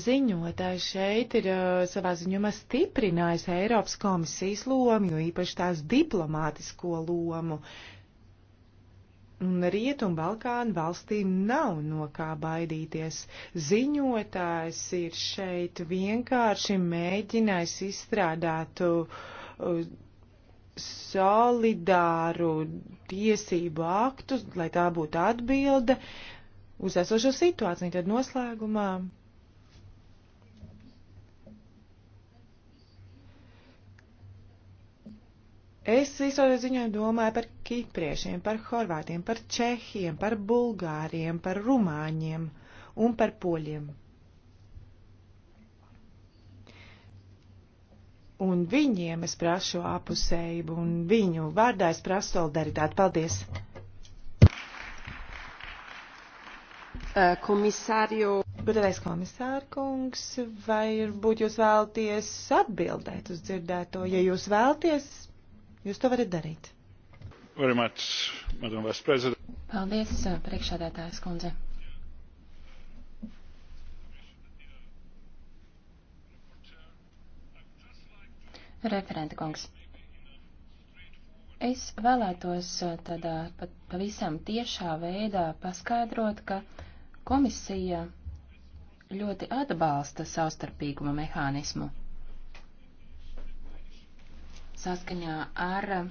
Ziņotājs šeit ir eh, savā ziņumā stiprinājis Eiropas komisijas lomu, jo īpaši tās diplomātisko lomu. Un Rietumu Balkānu valstīm nav no kā baidīties. Ziņotājs ir šeit vienkārši mēģinājis izstrādāt eh, solidāru tiesību aktu, lai tā būtu atbilde uz esošo situāciju. Tad noslēgumā Es visu ziņoju domāju par kipriešiem, par horvātiem, par čehiem, par bulgāriem, par rumāņiem un par poļiem. Un viņiem es prasu apusējību, un viņu vārdā es prasu solidaritāti. Paldies! Eh, komisārio. Gudrais komisārkungs, vai varbūt jūs vēlties atbildēt uz dzirdēto? Ja jūs vēlties, Jūs to varat darīt. Much, Paldies, uh, priekšādātājas kundze. Referenta kungs. Es vēlētos uh, tādā uh, pat pavisam tiešā veidā paskaidrot, ka komisija ļoti atbalsta savstarpīguma mehānismu saskaņā ar eh,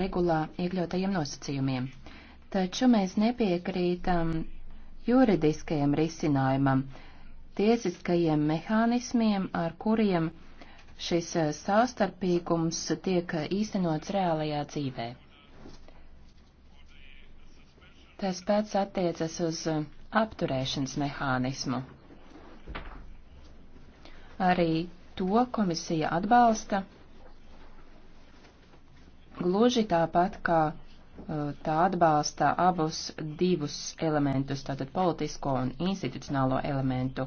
regulā iekļautajiem nosacījumiem. Taču mēs nepiekrītam juridiskajam risinājumam, tiesiskajiem mehānismiem, ar kuriem šis eh, savstarpīgums tiek īstenots reālajā dzīvē. Tas pats attiecas uz eh, apturēšanas mehānismu. Arī to komisija atbalsta Gluži tāpat kā uh, tā atbalsta abus divus elementus, tātad politisko un institucionālo elementu,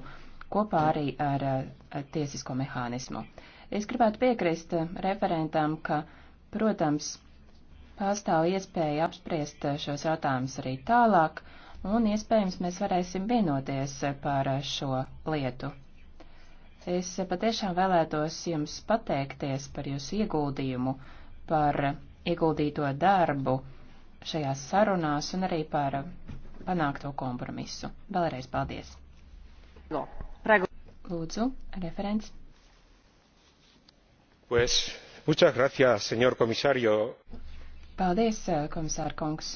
kopā arī ar, ar tiesisko mehānismu. Es gribētu piekrist uh, referentam, ka, protams, pastāv iespēja apspriest uh, šos jautājumus arī tālāk, un iespējams mēs varēsim vienoties par šo lietu. Es patiešām vēlētos jums pateikties par jūsu ieguldījumu par ieguldīto darbu šajās sarunās un arī par panākto kompromisu. Vēlreiz paldies! Lūdzu, referents. Pues, muchas gracias, señor komisario. Paldies, komisāra kungs.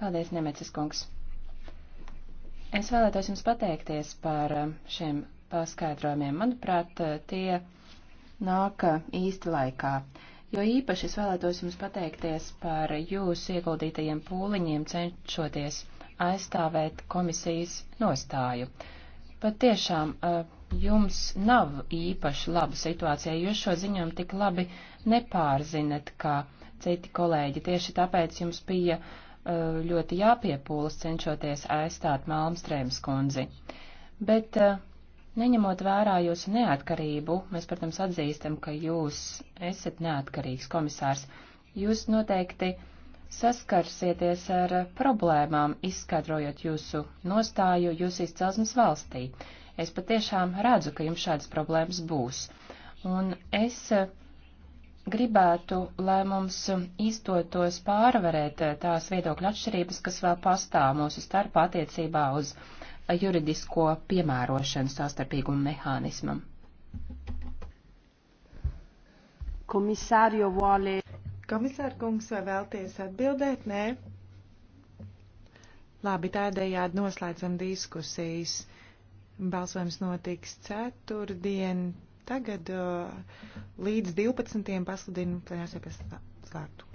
Paldies, Nemecis kungs. Es vēlētos jums pateikties par šiem paskaidrojumiem. Manuprāt, tie nāk īsti laikā. Jo īpaši es vēlētos jums pateikties par jūsu ieguldītajiem pūliņiem cenšoties aizstāvēt komisijas nostāju. Pat tiešām jums nav īpaši laba situācija, jo šo ziņojumu tik labi nepārzinat, kā citi kolēģi. Tieši tāpēc jums bija ļoti jāpiepūlas cenšoties aizstāt Malmstrēmas kundzi. Bet uh, Neņemot vērā jūsu neatkarību, mēs, protams, atzīstam, ka jūs esat neatkarīgs komisārs. Jūs noteikti saskarsieties ar problēmām, izskaidrojot jūsu nostāju jūsu izcelsmes valstī. Es patiešām redzu, ka jums šādas problēmas būs. Un es gribētu, lai mums izdotos pārvarēt tās viedokļa atšķirības, kas vēl pastāv mūsu starpā attiecībā uz juridisko piemērošanu sastarpīgumu mehānismam. Komisārio Vālē. Komisāra kungs, vai vēlties atbildēt? Nē. Labi, tādējādi noslēdzam diskusijas. Balsojums notiks ceturtdien. Tagad uh, līdz 12. pasludinu plenārsēpēc slēgtu.